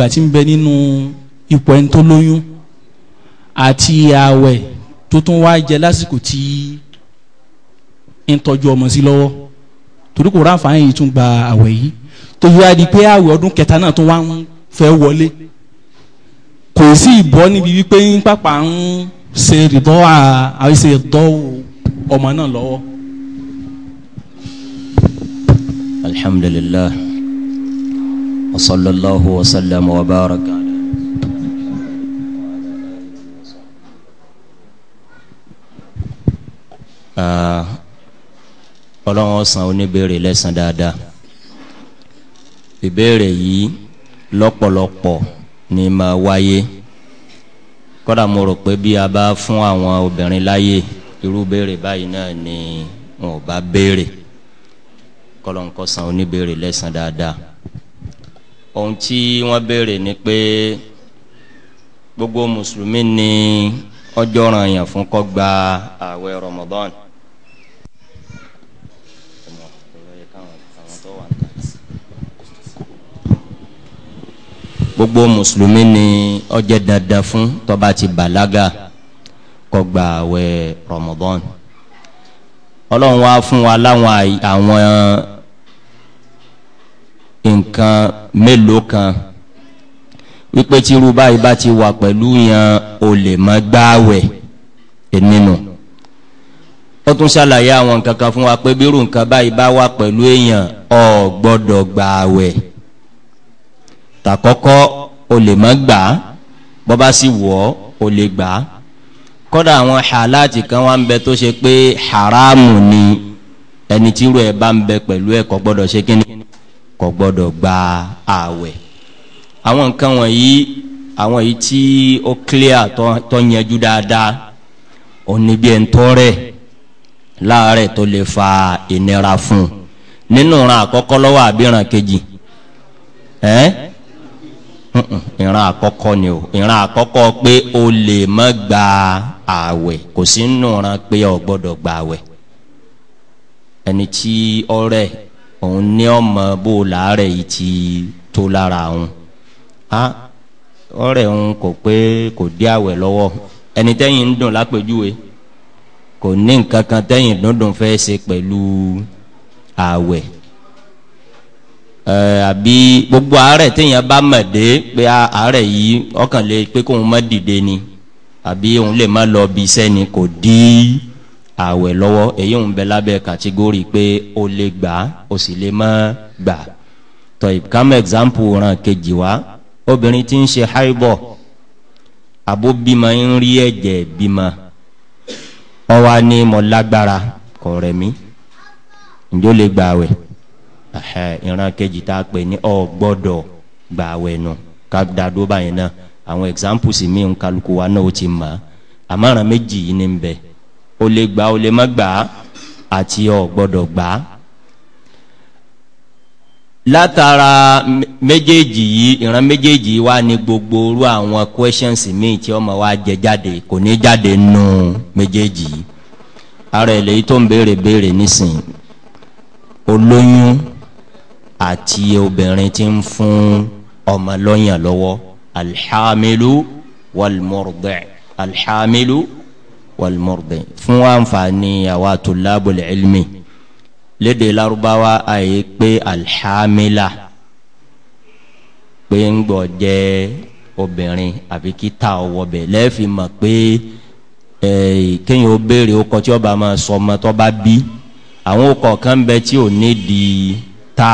ìgbà tí ń bẹ nínú ipò ẹni tó lóyún àti ààwẹ̀ tó tún wá jẹ lásìkò tí ń tọ́jú ọmọ sí lọ́wọ́ torí kò ráǹfààní yìí tún gba ààwẹ̀ yìí tó fi wá di pé ààwẹ̀ ọdún kẹta náà tún wá ń fẹ́ wọlé kò sí ìbọ́ níbi wípé ń pàpà ń ṣe ìdọ́ ọmọ náà lọ́wọ́. alhamdulilayi. وصلى الله وسلم وبارك على ọlọ́run ọ̀sán oníbèrè lẹ́sàn dáadáa ìbéèrè yìí lọ́pọ̀lọpọ̀ ni máa wáyé kọ́dà mo rò pé bí a bá fún àwọn obìnrin láyè irú béèrè báyìí náà ni wọn ò bá béèrè kọ́lọ́nkọ́sán oníbèrè lẹ́sàn dáadáa ohun tí wọ́n béèrè ni pé gbogbo mùsùlùmí ni ọjọ́ ràn yàn fún kó gba ààwẹ̀ Ramadan. gbogbo mùsùlùmí ni ó jẹ́ dandan fún tó ti bàlágà kó gba ààwẹ̀ Ramadan. ọlọ́run wá fún wa láwọn àwọn nǹkan mélòó kan wípé tí irú báyìí bá ti wà pẹ̀lú yan olè mọ́ gbáwẹ̀ ẹ̀nìnú ó tún ṣàlàyé àwọn nǹkan kan fún wa pé bírú nǹkan báyìí bá wà pẹ̀lú èèyàn ò gbọ́dọ̀ tàkọ́kọ́ o lè má gbà á bọ́ bá sì wọ̀ ọ́ o lè gbà á kọ́dà àwọn hàláàtì kan wá ń bẹ tó ṣe pé haramu ni ẹni tí irú ẹ̀ bá ń bẹ pẹ̀lú ẹ̀ gbọ́dọ̀ ṣe kí ni kò gbọ́dọ̀ gba ààwẹ̀ àwọn nǹkan wọ̀nyí àwọn yìí tí ó clear tó yanjú dáadáa òní bí ẹn tọrẹ láàárẹ̀ tó lè fa ìnira fún un nínú ìran àkọ́kọ́ lọ́wọ́ àbí ìran kejì ẹ́n ìran àkọ́kọ́ ni o ìran àkọ́kọ́ pé o lè má gba ààwẹ̀ kò sí nínú ìran pé o gbọ́dọ̀ gba ààwẹ̀ ẹni tí ọrẹ òun ní ọmọ bó làárẹ̀ yìí ti tó lára òun a ọ̀rẹ́ òun kò pé kò dí àwẹ̀ lọ́wọ́ ẹni tẹ́yìn ń dùn lápèjúwe kò ní nǹkan kan tẹ́yìn dúndùn fẹ́ ṣe pẹ̀lú àwẹ̀ àbí gbogbo àárẹ̀ téèyàn bá mọ̀ dé pé àárẹ̀ yìí ọkàn lè pé kóun má dìde ni àbí òun lè má lọ bí iṣẹ́ ni kò Di àwẹ̀ lọ́wọ́ èyí ń bẹ lábẹ́ kàtígórì pé o lè gbà o sì lè má gbà tọ́ ìkámọ́ ẹ̀xámpù ràn kejì wá obìnrin tí ń ṣe háìbọ̀ àbó bímọ ń rí ẹ̀jẹ̀ bímọ ọwa ní mọ kọ̀ rẹ̀ mí ǹjọ́ lè gbà àwẹ̀ ìran kejì tá a pè ní ọ gbọ́dọ̀ gbà àwẹ̀ nù ká dàdó báyìí náà àwọn o lè gbà o lè má gbà àti ọ̀ gbọ́dọ̀ gbà á látara méjèèjì yìí ìran méjèèjì wá ní gbogbo orú àwọn questions míì tí ọmọ wa jẹ jáde kò ní jáde nù méjèèjì yìí ara ẹ̀ lèyí tó ń béèrè béèrè nísìn olóyún àti obìnrin tí ń fún ọmọ lọ́yàn lọ́wọ́ alḥamilu walmurdi alḥamilu walmurdi fún àǹfààní àwa tulabul ilmi lédè Lárúbáwá àyè pé alhamila pé ń gbọ́ jẹ́ obìnrin àfi kí ta ọwọ́ bẹ̀ lẹ́ẹ̀fì mọ̀ pé kéèyàn ó béèrè ó kọ tí ọba máa sọ ọmọ tó bá bí àwọn ọkọ̀ bẹ tí ò ní di ta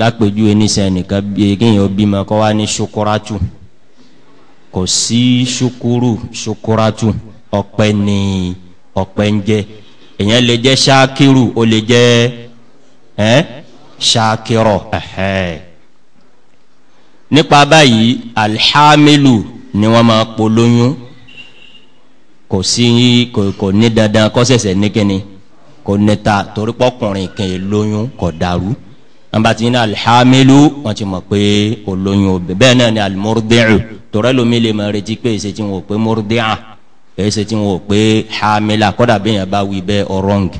lápèjúwe nísìnyí nìkan kéèyàn ó bímọ kọ́ wá ní ṣokoratu kò sí ṣukuru ṣukuratu ọpẹ́ ni ọpẹ́ ń jẹ èèyàn lè jẹ ṣaakiru ó lè jẹ ẹ ṣaakirọ ẹhẹ nípa báyìí alihamilu ni wọn máa polóyún kò sí kò kò ní dandan kó ní kíni kò níta torí pọkùnrin kìí lóyún kò dàrú wọn bá ti ní alihamilu wọn ti mọ̀ pé olóyún obì bẹ́ẹ̀ náà ni alimurdiru tọrẹ lomi lè máa retí pé èsì tí wọn ò pé murdia èsì tí wọn ò pé hamila kọ́dà bẹ́ẹ̀ yẹn bá wí bẹ́ẹ̀ ọ̀rọ̀ǹgì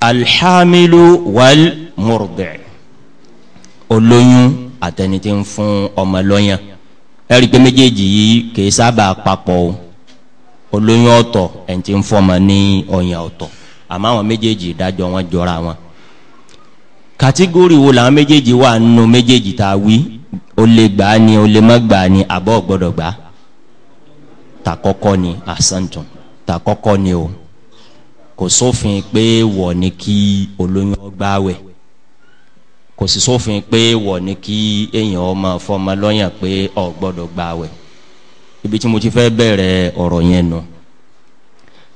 alihamilu wal murdiru olóyún àtẹni tí ń fún ọmọ lọ́yàn ẹ̀rí pé méjèèjì yìí kìí sábà papọ̀ o olóyún ọ̀tọ̀ ẹ̀ ń ti ń fọmọ ní ọ̀yàn ọ̀tọ̀ àmọ́ àwọn méjèèjì ìdájọ́ wọn jọra wọn kàtígórì wo làwọn méjèèjì wà nù méjèèjì tá a wí o lè gbà á ni o lè má gbà á ni àbọ̀ gbọ́dọ̀ gbà á ta kọ́kọ́ ni àsántùn ta kọ́kọ́ ni o kò sófin pé wọ̀ ni kí olóyún ọgbà wẹ̀ kò sì sófin pé wọ̀ ni kí èèyàn ọmọ fọmọ lọ́yàn pé ọ̀ gbọ́dọ̀ gbà wẹ̀ ibi tí mo ti fẹ́ bẹ̀rẹ̀ ọ̀rọ̀ yẹn nù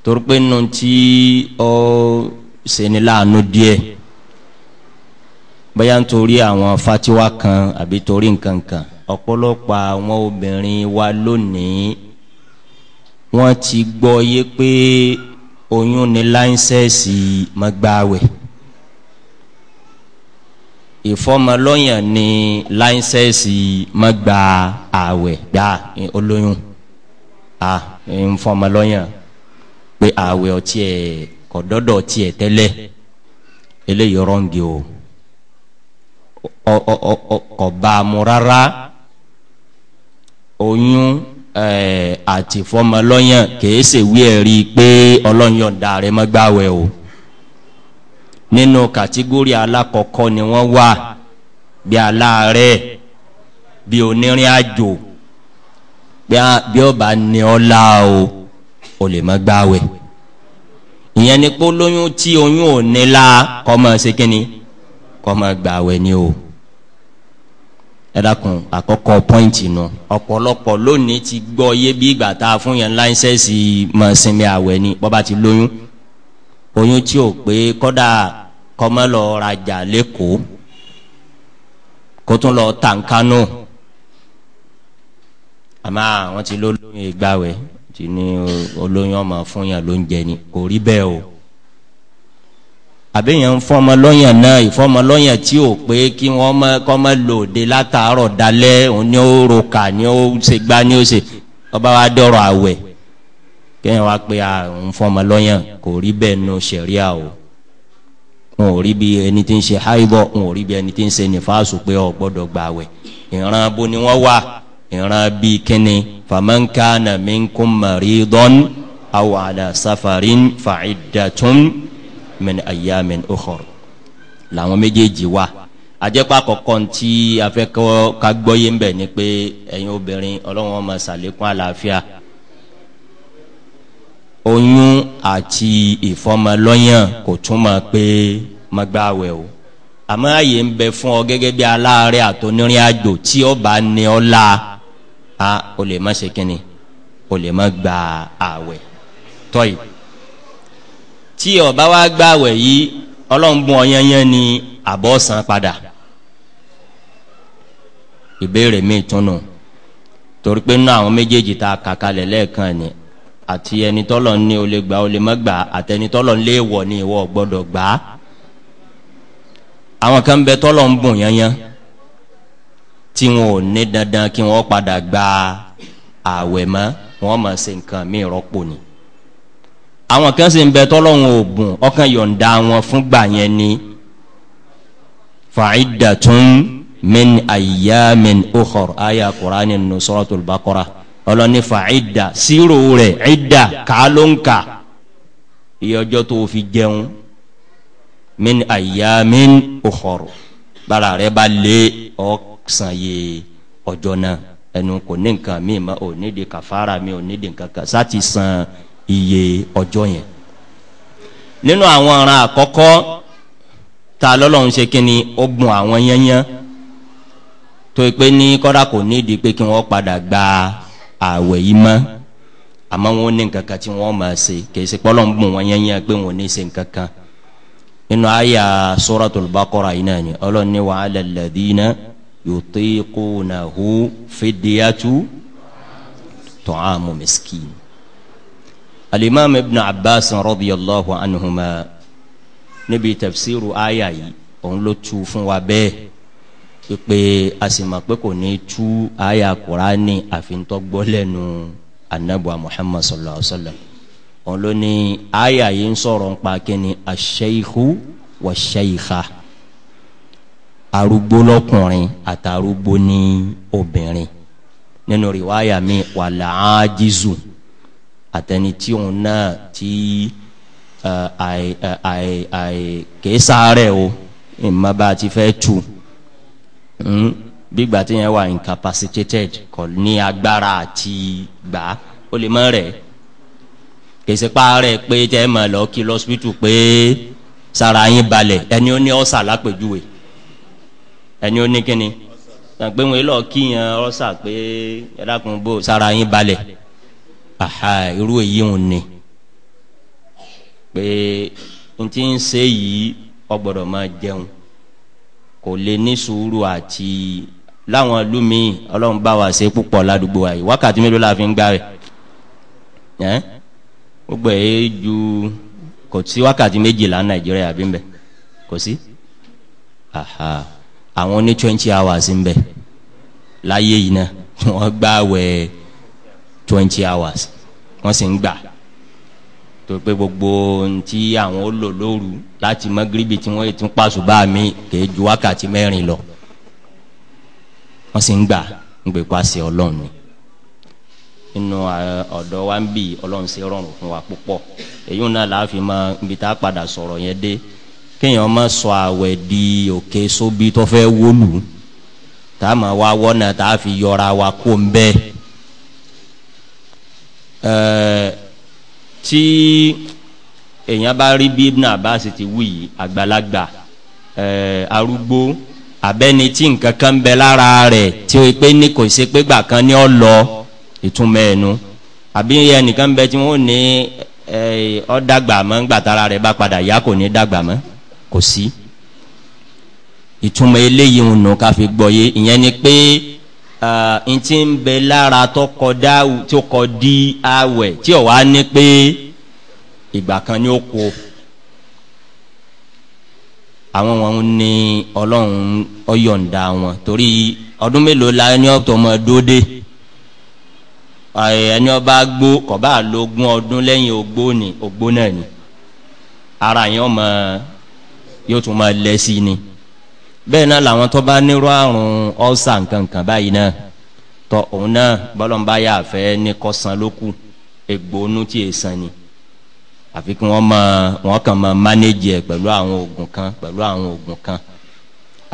torí pé nù tí ọ ṣe láàánú díẹ̀ bóyá nítorí àwọn fatiwa kan àbí torí nǹkan kan ọ̀pọ̀lọpọ̀ àwọn obìnrin wa lónìí wọ́n ti gbọ́ yé pé oyún ni láńsẹ̀sì mọ́gbàwẹ̀ ìfọmọlọ́yàn ni láńsẹ̀sì mọ́gbà àwẹ̀ gbà olóyún à ìfọmọlọ́yàn pé àwẹ̀ ọtí ẹ̀ kọ̀dọ́dọ̀ ọtí ẹ̀ tẹ́lẹ̀ eléyìí rọ́ǹgì o. Ah, ọ̀bàmù rárá oyún eh, àti fọmọlọ́yàn kìí ṣèwé ẹ̀rí pé ọlọ́yọ̀ǹda rẹ̀ mọ́gbàwẹ̀ o nínú kàtígórì alákọ̀ọ́kọ́ ni wọ́n wà bí aláàárẹ̀ bí onírìn àjò bí ọba ní ọlá o ò lè mọ́gbàwẹ̀ ìyẹn ni pé olóyún tí oyún ò ní la kọ́ mọ́ ṣe kínni kọ́ mọ́ gbàwẹ̀ ni o ẹ dákun àkọ́kọ́ pọ́ìntì nù ọ̀pọ̀lọpọ̀ lónìí ti gbọ́ yé bí ìgbà tá a fún yẹn láńsẹ́sì mọ̀ sinmi àwẹ̀ ni bọ́ba ti lóyún oyún tí ò pé kọ́dà kọ́mọ́lọ rajà lẹ́kọ̀ọ́ kó tún lọ tàǹkánú àmọ́ àwọn ti lóyún ìgbàwẹ̀ ti ní olóyún ọmọ fún yẹn ló ni kò rí bẹ́ẹ̀ o àbíyàn ń fọ́mọ lọ́yàn náà ìfọ́mọ lọ́yàn tí ò pé kí wọ́n mọ́ kọ́ mọ́ lòdè látàárọ̀ dalẹ́ òun ni ó roka ni ó ṣe gbá ni ó ṣe ọba wa dọ̀rọ̀ àwẹ̀ kéèyàn wá pé àwọn fọ́mọ lọ́yàn kò rí bẹ́ẹ̀ nu sẹ̀ríà o wọn ò rí bí ẹni tí ń ṣe háìbọ̀ wọn ò rí bí ẹni tí ń ṣe nífàásù pé ọ gbọ́dọ̀ gbà wẹ̀ ìran bo ni wọ́n wà ìran bíi kíni fàmọ́ńkà nàmínkùn dọ́n àwọn àdàsáfàrín fàìdàtún min ayamin ukhor làwọn méjèèjì wà àjẹpà kọ̀ọ̀kan tí afẹ́kọ́ ká gbọ́yé ń bẹ̀ ni pé ẹ̀yin obìnrin ọlọ́run ọmọ sàlékún àlàáfíà oyún àti ìfọmọlọ́yàn kò túmọ̀ pé mọ́gbàwẹ̀ o àmọ́ àyè ń bẹ fún ọ gẹ́gẹ́ bí aláàárẹ̀ àtọ́nirin àjò tí ó bá ní ọ la a ò lè má ṣe kínni ò lè má gba àwẹ̀ tọ́yìí tí ọba wa gbàwẹ̀ yìí ọlọ́nbùn ọ̀yanyan ni àbọ̀ san padà ìbéèrè mi túnú torí pé nínú àwọn méjèèjì tá a kà kalẹ̀ lẹ́ẹ̀kan ni àti ẹni ní o gbà o lè gbà àtẹni tọ́lọ̀ lé wọ̀ ni ìwọ gbọ́dọ̀ gbà á àwọn kan bẹ tọ́lọ̀ ń bùn yanyan tí wọn ò ní dandan kí wọ́n padà gba ààwẹ̀ mọ́ wọ́n mọ̀ sí nǹkan mí rọ́pò ni àwọn kan sì ń bẹ tọ́lọ́hún oògùn ọkàn yọ̀ǹda wọn fúngbà yẹn ni fa'idatun min ayyamin ukhor aya kurani nu suratul baqara ọlọ́ni fa'ida sírò rẹ̀ ida kàlóńkà iye ọjọ́ tó fi jẹun min ayyamin ukhor bára rẹ̀ bá lé ọ̀sán yé ọjọ́ náà ẹnu kò ní nǹkan mi ma ò ní di kàfàrà mi ò ní di nǹkan kan sá ti iye ọjọ́ yẹn nínú àwọn ọ̀ràn àkọ́kọ́ ta lọ́lọ́run ṣe kí ni ó gun àwọn yẹnyẹn tó pé ní kọ́dà kò nídìí pé kí wọ́n padà gba ààwẹ̀ yìí mọ́ àmọ́ wọn ò ní nǹkan kan tí wọ́n máa ṣe kìí ṣe pọ́lọ́ gun wọn yẹnyẹn pé wọn ò ní ṣe nǹkan kan nínú àyà suratul baqara yìí náà ni ọlọ́run ní wa ala alladhina yutiqunahu fidyatu ta'amu miskin alimami ibn abbas radiyallahu anhuma níbi tafsiru aya yìí òun ló tu fún wa bẹ́ẹ̀ pípé a sì mọ̀ pé kò ní tú aya kurani àfintọ́gbọ́ lẹ́nu anabuwa muhammad sallallahu alaihi wa sallam òun ló ní aya yìí ń sọ̀rọ̀ ń pa kíni asheikhu wa sheikha arúgbó lọkùnrin àtàrúgbó ní obìnrin nínú rìwáyà mi wàlàájízù àtẹni tí òun náà tí kèésàárẹ̀ o ìmọ̀ bá ti fẹ́ tù gbígbà hmm? tí yẹn wà incapacitated kò ní agbára àti gbà ó lè mọ́ rẹ̀ kèsì paarẹ̀ pé tẹ́ ẹ mọ̀ lọ kí lọ́sibítù pé sara yín balẹ̀ ẹni ó ní ọ̀sà lápèjúwe ẹni ó ní kíni gbàgbé wọn lọ kí yẹn ọ̀sà pé ẹ dákun bò sara yín balẹ̀. Aha, irú èyí ń ni pé n ti ń ṣe yìí ó gbọ́dọ̀ máa jẹun kò lè ní sùúrù àti láwọn ìlú míì ọlọ́run bá wa ṣe púpọ̀ ládùúgbò wa yìí wákàtí mélòó la fi ń gbà rẹ̀ ẹ́ gbogbo ẹ̀ e ju kò sí wákàtí méjìlá nàìjíríà bí ń kò sí aha àwọn ní twenty hours ń bẹ láyé yìí náà wọ́n gbà wẹ̀ twenty hours wọ́n sì ń gbà tó pé gbogbo ntí àwọn ó lò lóru láti mọ́gíríbì tí wọ́n tún pàṣẹ bá mi kèé ju wákàtí mẹ́rin lọ wọ́n sì ń gbà ń gbé pàṣẹ ọlọ́run ni inú ọ̀dọ̀ wa ń bì ọlọ́run ṣe rọrùn fún wa púpọ̀ èyí náà la fi máa ibi tá a padà sọ̀rọ̀ yẹn dé kéèyàn má sọ àwẹ̀ di òkè sóbi tó fẹ́ wólu tá a máa wá wọ́nà tá a fi yọra wa kó ń bẹ́ẹ̀. Eh, tí èèyàn bá rí bí ibùnà bá sì ti wí àgbàlagbà eh, arúgbó abẹ́ni tí nǹkan kan ń bẹ lára rẹ̀ tí o pé ní kò ṣe pé gbà kan ní ọ lọ ìtumọ̀ ẹ̀nu àbí ẹnìkan bẹ tí wọ́n ní ọ eh, dàgbà mọ́ ńgbà tára rẹ̀ bá padà yá kò ní dàgbà mọ́ kò sí ìtumọ̀ eléyìí fi gbọ́ yé ìyẹn ni pé. n ti ń bẹ lára tó kọ dí awẹ̀ tí ò wá ní pé ìgbà kan ni ó kó àwọn wọn ní ọlọ́run ọyọ̀ǹda wọn torí ọdún mélòó la ẹni ọ̀tọ̀ ọmọ dóde ẹni ọba gbó kọ̀bá lógún ọdún lẹ́yìn ogbó ni ogbó náà ni ara yẹn ọmọ yóò tún máa lẹ́ ni. Ogbone, bẹ́ẹ̀ náà làwọn tó bá nírú àrùn ọ́sà nkankan báyìí náà tọ òun náà bọ́lọ́mbá yà fẹ́ ní kọ́sán lókù egbòonú tí è san ni àfi kí wọ́n máa wọ́n kàn máa mánéjì ẹ̀ pẹ̀lú àwọn oògùn kan pẹ̀lú àwọn oògùn kan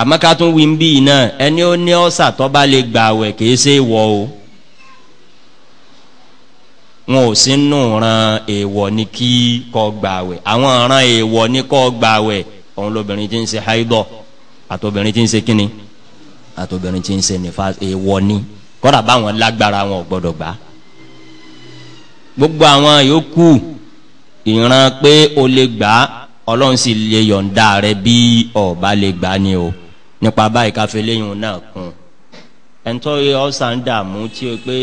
àmọ́ ká tún wí bí iná ẹni ó ní ọ́sà tó bá lè gbà wẹ̀ kìí ṣe wọ o wọn ò sí nù ran èèwọ̀ ní kí kọ́ gbà wẹ̀ àwọn ran èèwọ̀ ní kọ́ gbà wẹ̀ òun lóbìnrin ti ń ṣe háídọ̀. àtobìnrin tí ń ṣe kínni àtobìnrin tí ń ṣe nífa èèwọ̀ ni kọ́dà báwọn lágbára wọn ò gbọ́dọ̀ gbà. gbogbo àwọn yòókù ìran pé o lè gbà ọlọ́run sì lè yọ̀ǹda rẹ bí ọba lè gbà ni o nípa báyìí káfí lẹ́yìn náà kún ẹ̀ńtọ́ ọ̀sán dààmú tí o pé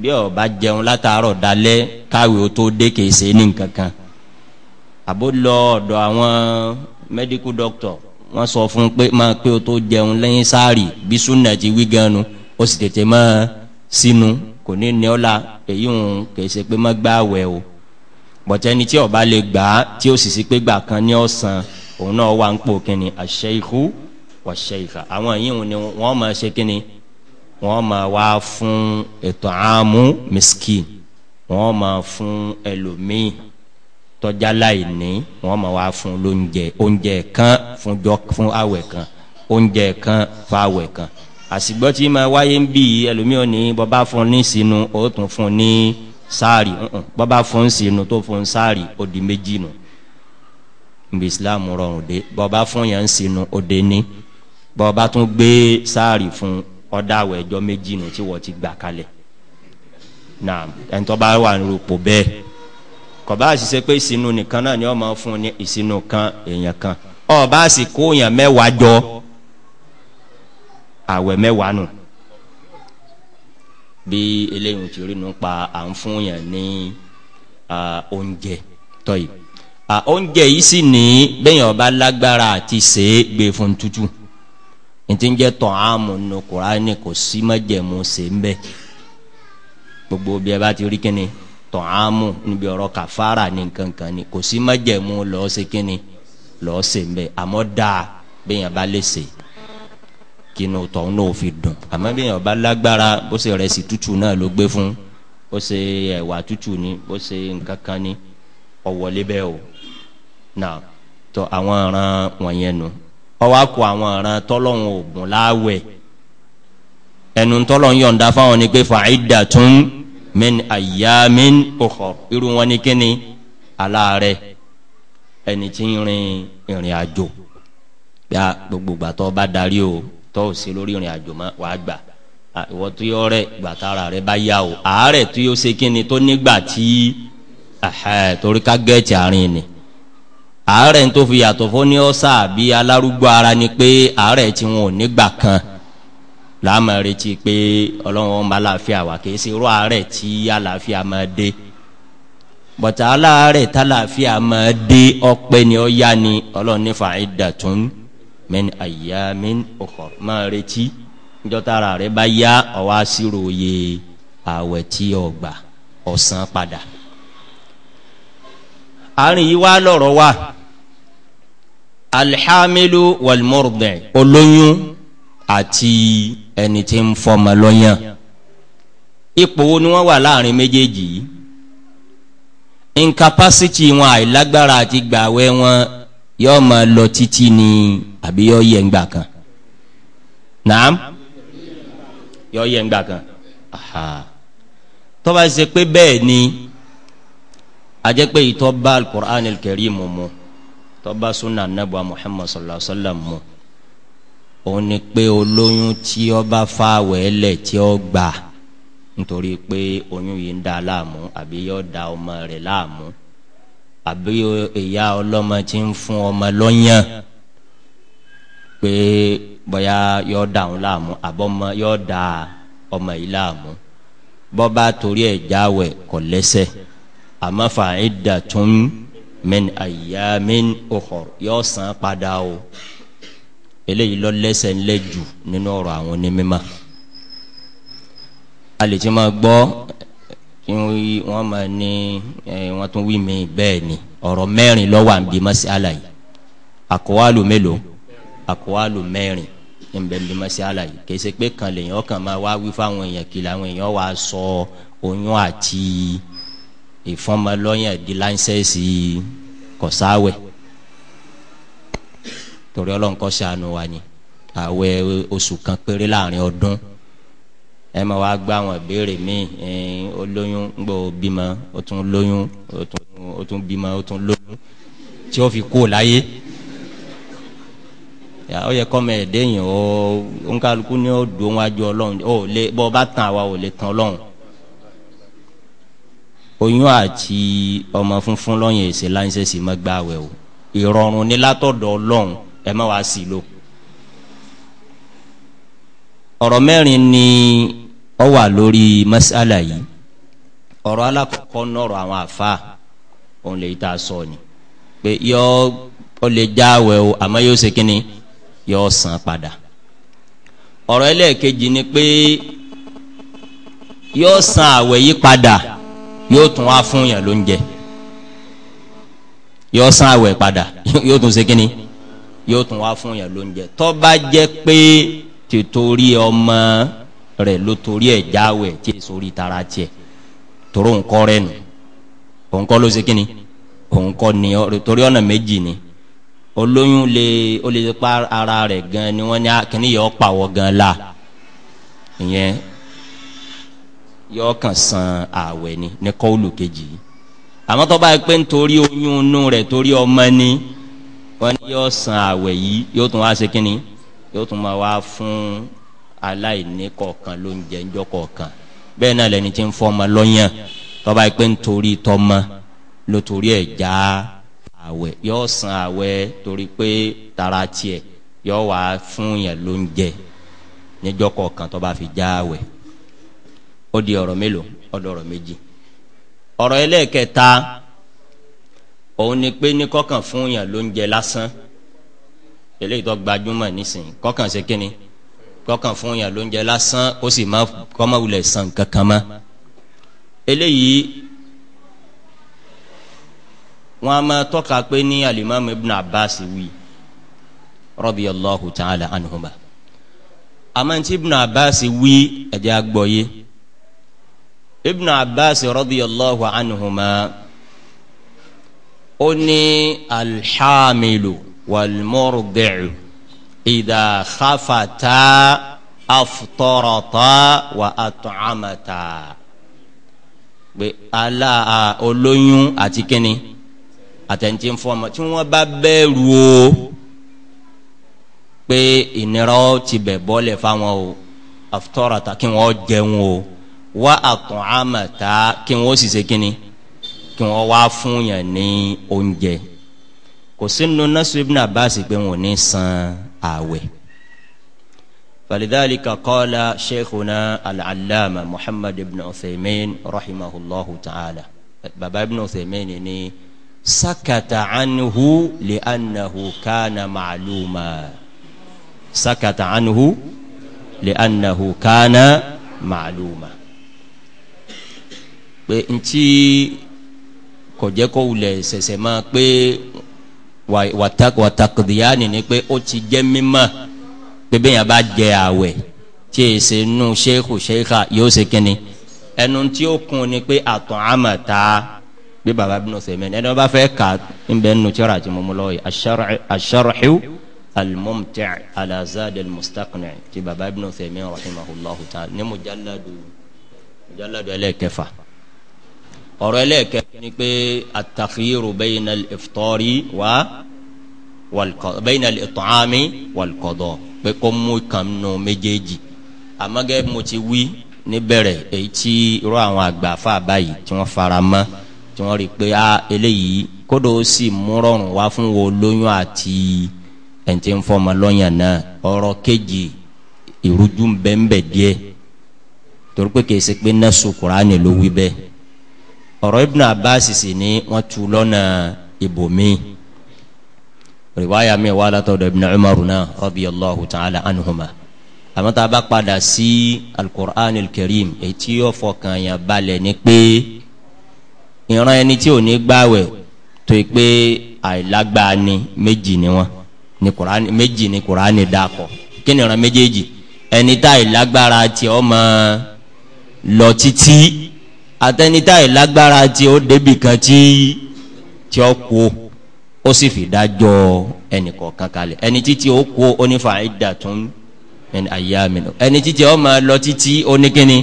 bí ọba jẹun látàárọ̀ dalẹ́ káwé o tó dé kèsè ní nǹkan kan àbó lọ ọ̀dọ̀ àwọn mẹ́díkù dọ́kítọ̀ wọ́n sọ fún pé máa pé o tó jẹun lẹ́yìn sáàrì bí súnà ti wí ganu ó sì tètè máa sínú kò ní ní ọ́la èyí ń kèsè pé má gbá àwẹ̀ o bọ̀tẹ́ni tí ọba lè gbà á tí ó sì sí pé gbà kan ní ọ̀sán òun náà wà ń pò kínni àṣeyìkú wàṣeyìká àwọn yìí ni wọ́n máa ṣe kínni wọ́n máa wá fún ètò àmú miskin wọ́n máa fún ẹlòmíì tọ́já láìní wọ́n máa wá fún lóúnjẹ oúnjẹ kan fúnjọ fún àwẹ̀ kan oúnjẹ kan fún àwẹ̀ kan àsìgbọ́ tí máa wáyé ń bí ẹlòmíràn ní bọ́bá fún ní sínú ó tún fún ní sáàrì bọ́bá fún sínú tó fún sáàrì ó di méjì nù nbí Islam rọrùn dé bọ́bá fún yẹn ń sínú ó dé ní tún gbé sáàrì fún ọ̀dà àwẹ̀ ẹjọ́ méjì nù tí wọ́n ti gbà kalẹ̀ náà ẹni bá wà ní rúpò bẹ́ẹ̀ kọ̀bá àṣìṣe pé ìsinú nìkan náà ni ọmọ fún ní ìsinú kan èèyàn kan ọba sì kó èèyàn mẹ́wàá jọ àwẹ̀ mẹ́wàá nù bí eléyìí ti rí nu pa à ń fún yàn ní oúnjẹ tọ́yì oúnjẹ yìí sì ní bẹ́yìn ọba lágbára àti ṣe é gbé e fún tútù ntí ń jẹ́ tọ̀ áàmù nù kúránì kò sí mọ́jẹ̀mú ṣe ń bẹ́ gbogbo bí ẹ bá ti rí kínni. tọ̀hámù níbi ọ̀rọ̀ kàfàrà ní kankan ni kò sí májẹ̀mú lọ́ọ́ lọ kínni lọ́ọ́ ṣe ń bẹ àmọ́ dáa bẹ́yàn bá lè ṣe kínú tọ̀hún náà fi dùn àmọ́ bẹ́yàn bá lágbára bó ṣe rẹsì tútù náà ló gbé fún bó ẹ̀wà tútù ni bó ni ọ̀wọ́lé bẹ́ẹ̀ o náà tọ àwọn ọ̀ràn wọ̀nyẹn nu ọwọ́ àkó àwọn ọ̀ràn tọ́lọ́hún ògùn láwẹ̀ ẹnu tọ́lọ́hún yọ̀ǹda fáwọn ni pé tún. min ayamin ukhor irú wọn ni kíni aláàrẹ ẹni tí ń rin ìrìn àjò ya gbogbo gbàtọ bá darí o tọ ò sí lórí ìrìn àjò mọ wàá gbà ìwọ tó yọ rẹ gbàtara rẹ bá yá o àárẹ̀ tó yọ ṣe kíni tó nígbà tí torí ká gẹẹtì àárín ni àárẹ̀ tó fi yàtọ̀ fún ní ọsà bí alárúgbó ara ni pé àárẹ̀ tí wọn ò nígbà kan láàmà retí pé ọlọ́run ọmọ aláàfíà wà kìí ṣe irú àárẹ̀ tí aláàfíà máa dé bọ̀tà aláàárẹ̀ tàlàfíà máa dé ọpẹ́ ni ó yá ni ọlọ́run nífa ìdàtún mẹ́ni àyà mẹ́ni ọkọ̀ máa retí níjọ́ta ara rẹ̀ bá yá ọwọ́ àṣírò yẹ àwẹ̀ tí ọgbà ọ̀sán padà àárín yìí wá lọ́rọ̀ wa alḥamilu walmurdi olóyún àti ẹni tí ń fọmọ lọ́yàn ipò wo ni wọ́n wà láàrin méjèèjì yìí incapacity wọn àìlágbára àti gbàwẹ̀ wọn yóò máa lọ títí ni àbí yóò yẹ ngbà kan naam yóò yẹ ngbà kan aha tó bá ṣe pé bẹ́ẹ̀ ni ajẹ́pẹ́ yìí tó bá alukur'an kẹrìmù mu tó bá sunna anabu muhammad sallallahu alaihi wa sallam mu. òun ni pé olóyún tí ọ bá fa wẹ́lẹ̀ tí ó gbà nítorí pé oyún yìí ń da láàmú àbí yóò da ọmọ rẹ̀ láàmú àbí ìyá ọlọmọ tí ń fún ọmọ lọ́yàn pé bóyá yóò da òun láàmú ọmọ yóò da ọmọ yìí láàmú bọ́ba torí ẹ̀ jáwẹ̀ kò lẹ́sẹ̀ àmọ́ fàáyín dàtún min ayyamin ukhur yóò san padà o. eléyìí lọ lẹ́sẹ̀ ńlẹ̀ jù nínú ọ̀rọ̀ àwọn onímọ̀ a lè ti máa gbọ́ wọ́n máa ní wọ́n tún wí mi bẹ́ẹ̀ ni ọ̀rọ̀ mẹ́rin ló wà níbi mas'ala yìí àkọ́wálù mélòó àkọ́wálù mẹ́rin níbi níbi mas'ala yìí kì pé kan lèyìn ọkàn máa wá wí fáwọn èèyàn kí làwọn èèyàn wá sọ oyún àti ìfọ́nmọlọ́yìn ẹ̀dí láńsẹ̀sì torí ọlọ́run kọ́ ṣàánú wa ni àwẹ̀ oṣù kan péré láàrin ọdún ẹ máa wá gbá àwọn ìbéèrè míì ó lóyún ń gbọ́ bímọ ó tún lóyún ó tún bímọ ó tún lóyún tí ó fi kú láyé ó yẹ kọ́mọ ẹ̀dẹ́ yìí ó nkálukú ni ó dùn wájú ọlọ́run ó lé bọ́ bá tàn àwa ò lè tàn ọlọ́run oyún àti ọmọ funfun lọ́yìn èsè láńsẹ̀sì mọ́gbà wẹ̀ o ìrọ̀rùn ni látọ̀dọ̀ ọlọ́run ẹ má wàá sì lò. ọ̀rọ̀ mẹ́rin ni ọ wà lórí masala yìí ọ̀rọ̀ alákọ̀ọ́kọ́ nọ̀rọ̀ àwọn àfa òun lè ta sọ ni pé yọ ọ lè já awẹ o àmọ́ yóò ṣe kínni yọ san padà ọ̀rọ̀ ẹlẹ́ẹ̀kejì ni pé yọ san awẹ yí padà yóò tún wá fún yàn lóúnjẹ yọ san awẹ padà yóò tún ṣe kínni yóò tún wá fún yẹn lóúnjẹ tó bá jẹ́ pé tìtorí ọmọ rẹ̀ ló torí ẹ̀ jáwé tí èso rí tara tiẹ̀ tòró ńkọ́ rẹ̀ nù òun kọ́ ló ṣe kínni òun kọ́ ni torí ọ̀nà méjì ni olóyún le ó lè pa ara rẹ̀ gan ni wọ́n ní kíní yọ pàwọ́ gan la ìyẹn yọ kàn san ààwẹ̀ ni ní kọ́ olùkejì yìí àmọ́ tó bá yẹ pé nítorí oyún inú rẹ̀ torí ọmọ ni. Torí wọ́n ní yóò san àwẹ̀ yìí yóò tún wá ṣe kínní yóò tún máa wá fún aláìní kọ̀ọ̀kan ló ń jẹ ńjọ́ kọ̀ọ̀kan bẹ́ẹ̀ náà lẹni tí ń fọmọ lọ́yàn tọ́ba pé nítorí tọmọ ló torí ẹ̀ já àwẹ̀ yóò san àwẹ̀ torí pé tara tiẹ̀ yóò wá fún yẹn ló níjọ́ kọ̀ọ̀kan tọ́ba fi já àwẹ̀ ó di ọ̀rọ̀ mélòó ọ̀dọ̀ ọ̀rọ̀ méjì ọ̀rọ̀ ẹlẹ́ẹ̀kẹta òun ni pé ní kọ́kàn fún yàn ló ń jẹ lásán eléyìí tó gbajúmọ̀ nísìnyí kọ́kàn ṣe kínni kọ́kàn fún yàn ló ń jẹ lásán kó sì má kọ́mọ wulẹ̀ san kankan mọ́ eléyìí wọn a máa tọ́ka pé ní alimami ibn abbas wí radiyallahu ta'ala anhuma amanti ibn abbas wí ẹ̀jẹ̀ agbọ̀ye ibn abbas radiyallahu anhuma ó ní alḥamilu walmurdi'u ìdá khafata afutọrọta wa atọ́amata pé ala olóyún àti kínní àtẹ̀ntì ń fọmọ tí wọ́n bá bẹ̀rù o pé ìnira ti bẹ̀ bọ́lẹ̀ fáwọn o afutọrọta kí wọ́n jẹun o wa atọ́amata kí wọ́n sì ṣe kínní kí wọ́n wá fún yàn ní oúnjẹ kò sínú nasu ibn abbas pé wọn ò ní san ààwẹ̀ falidhalika qala sheikhuna al-allama muhammad ibn uthaymin rahimahullahu ta'ala baba ibn uthaymin ni sakata anhu li annahu kana ma'luma sakata anhu li annahu kana ma'luma pé ntí kọjẹ kọ wulẹ̀ sẹsẹ ma pé wàtàkùdìyà nìní pé ó ti jẹ mímọ́ pé bẹ́ẹ̀ yẹn bá jẹ àwẹ̀ tí e ṣe nu ṣéèkù ṣéèkà yóò ṣe kínni ẹnu tí ó kún ni pé àtàn àmà ta bí baba bí nọ́ọ̀sẹ̀ mẹ́rin ẹni wọ́n bá fẹ́ kà ń bẹ́ẹ̀ nu tíra àti mọ́mọ́ lọ́wọ́ yìí aṣọ́rọ̀ḥiw alimọ́mtẹ́ alazadel mustaqnẹ̀ ti baba bí nọ́ọ̀sẹ̀ rahimahulahu ta ni mujalladu mujalladu ẹlẹ́kẹfà ọ̀rọ̀ ẹlẹ́ẹ̀kẹ́ ni pé at-takhyiru bayna al-iftari wa bayna al-it'ami wal-qada pé kó mú kan nù méjèèjì àmọ́gẹ́ mo ti wí níbẹ̀rẹ̀ èyí tí irú àwọn àgbà fà báyìí tí wọ́n fara mọ́ tí wọ́n rí i pé a eléyìí kódò ó sì mú rọrùn wá fún wo lóyún àti ẹ̀ǹtí ń fọmọ lọ́yàn náà ọ̀rọ̀ kejì ìrújú ń bẹ́ẹ̀ díẹ̀ torí pé kìí ṣe pé nẹ́sùn kùránì ló wí bẹ́ẹ̀ ọ̀rọ̀ ibùnà abáàsì sì ni wọ́n tu lọ́nà ìbòmí rìwáyà mi wà látọ̀dọ̀ ibùnà umaru náà radiyallahu ta'ala anhuma àmọ́ tá a bá padà sí alukur'an karim èyí tí yóò fọkàn yàn balẹ̀ ni pé ìran ẹni tí ò ní gbàwẹ̀ tó yẹ pé àìlágbára ni méjì ni wọn ni kur'an méjì ni kur'an dàkọ kí ni ìran méjèèjì ẹni tá àìlágbára tiẹ̀ ọmọ lọ títí àtẹnitá ìlágbára tí ó débì kan tí tí ó kú ó sì fi dájọ́ ẹnìkọ̀ọ̀kan kalẹ̀ ẹni títí ó kú ó ní fa iddatun min ayyamin ẹni títí ó máa lọ títí ó ní kíni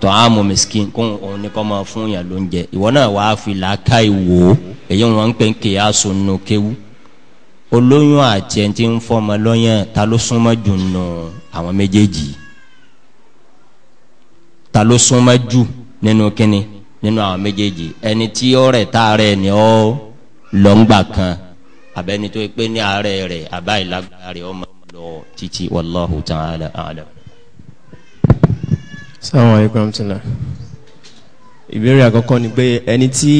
tọ́ àmọ́ miskin kún òun ní kọ́ máa fún yàn lóúnjẹ ìwọ náà wàá fi làákà ìwò èyí wọn ń pè ń kéya sunu kéwu olóyún àti ẹni tí ń fọmọ lọ́yàn ta ló súnmọ́ jù àwọn méjèèjì yìí ta ló súnmọ́ jù nínú kínní nínú àwọn méjèèjì ẹni tí ó rẹ̀ tá a rẹ̀ ni ó lọ́ngbà kan àbẹ́ni tó pé ní àárẹ̀ rẹ̀ àbá ìlágbára rẹ̀ ọmọ lọ títí wàláhù ta'ala a'lam. sáwọn àyíkọ́ àmì tìǹda ìbéèrè àkọ́kọ́ ni pé ẹni tí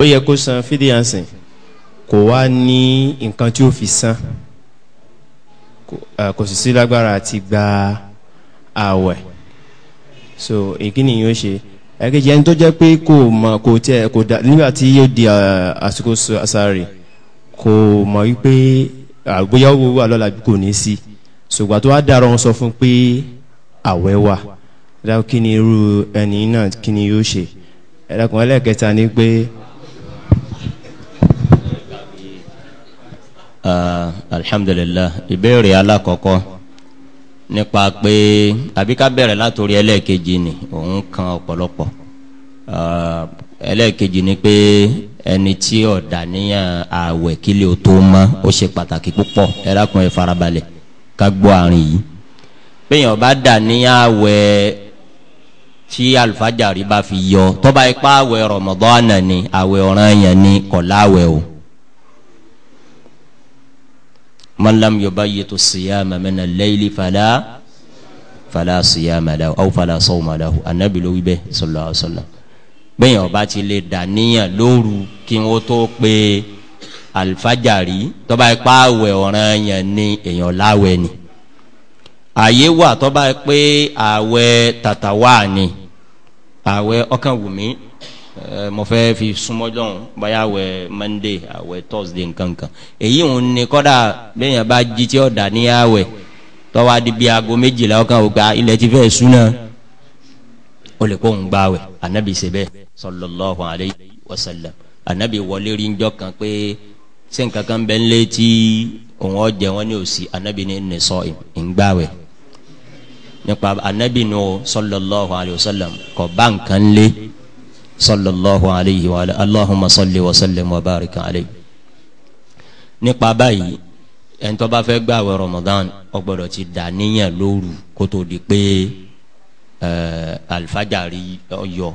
ó yẹ kó san fídíànsìn kò wá ní nǹkan tí ó fi san kò sì sí lágbára àti gba ààwẹ̀ so ìkíni yóò ṣe ẹ̀kejì ẹni tó jẹ́ pé kò mọ̀ kò tiẹ̀ kò dá nígbà tí yóò di àsìkò sáré kò mọ̀ wípé àgbóyá owó wà lọ́la kò ní sí ṣùgbọ́n tó wá dára wọn sọ fún pé àwẹ̀ wà ẹ̀dá kí ni irú ẹni náà kí ni yóò ṣe ẹ̀dá kan ẹlẹ́ẹ̀kẹta ni pé. alhamdulilah ìbéèrè alákọ̀ọ́kọ́ nípa pé tàbí ká bẹ̀rẹ̀ látòrí ẹlẹ́ẹ̀kejì ni òun kan ọ̀pọ̀lọpọ̀ ẹlẹ́ẹ̀kejì ni pé ẹni tí ọ̀dà níyàn ààwẹ̀ kí lè tó mọ́ ó ṣe pàtàkì púpọ̀ ẹ̀rákùn ẹ̀ farabalẹ̀ ká gbọ́ àárín yìí péyàn bá dà níyàn ààwẹ̀ tí alùfájàrí bá fi yọ tọ́ba ipá ààwẹ̀ rọ̀mọ̀dọ́nà ni ààwẹ̀ ọ̀ranyàn ni kọ̀láwẹ̀ o man lam yubayyitu siyama min al-layli fala fala siyama lahu aw fala sawma lahu anabi ló wí bẹ́ẹ̀ sallallahu alaihi wasallam bẹ́ẹ̀ ọba ti lè dàníyàn lóru kí wọ́n tó pe alifajari tọ́ba ipá àwẹ̀ ọ̀ràn yẹn ni èèyàn láwẹ̀ ni àyè wà tọ́ba pé àwẹ̀ tàtàwá ni àwẹ̀ ọkàn wù Eh, mo fẹ́ fi súnmọ́ lọ́hùn báyà wẹ̀ monday àwẹ̀ thursday nkankan èyí ń ní kọ́dà bẹ́ẹ̀ bá jí tí ọ̀dà ní àwẹ̀ tọ́wọ́ adi bíi aago méjìlá ọkàn ògbà ah, ilẹ̀ ti fẹ́ súnà ó lè kó ń gbà wẹ̀ anabi ṣe bẹ́ẹ̀ sallallahu alayhi wa anabi wọlé rí njọ́ kan pé ṣé nǹkan kan bẹ́ẹ̀ ń lé tí òun ọ̀jẹ̀ wọn ní òsì anabi ní ní sọ ń gbà wẹ̀ nípa anabi nù sallallahu alayhi wa sallam kọ̀ sallallahu alayhi wa allahumma salli wa sallim wa barik alayhi. nípa báyìí ẹni tó bá fẹ́ gbààwẹ̀ Ramadan ó gbọ́dọ̀ ti dà níyàn lóru kó tó di pé alifajari yọ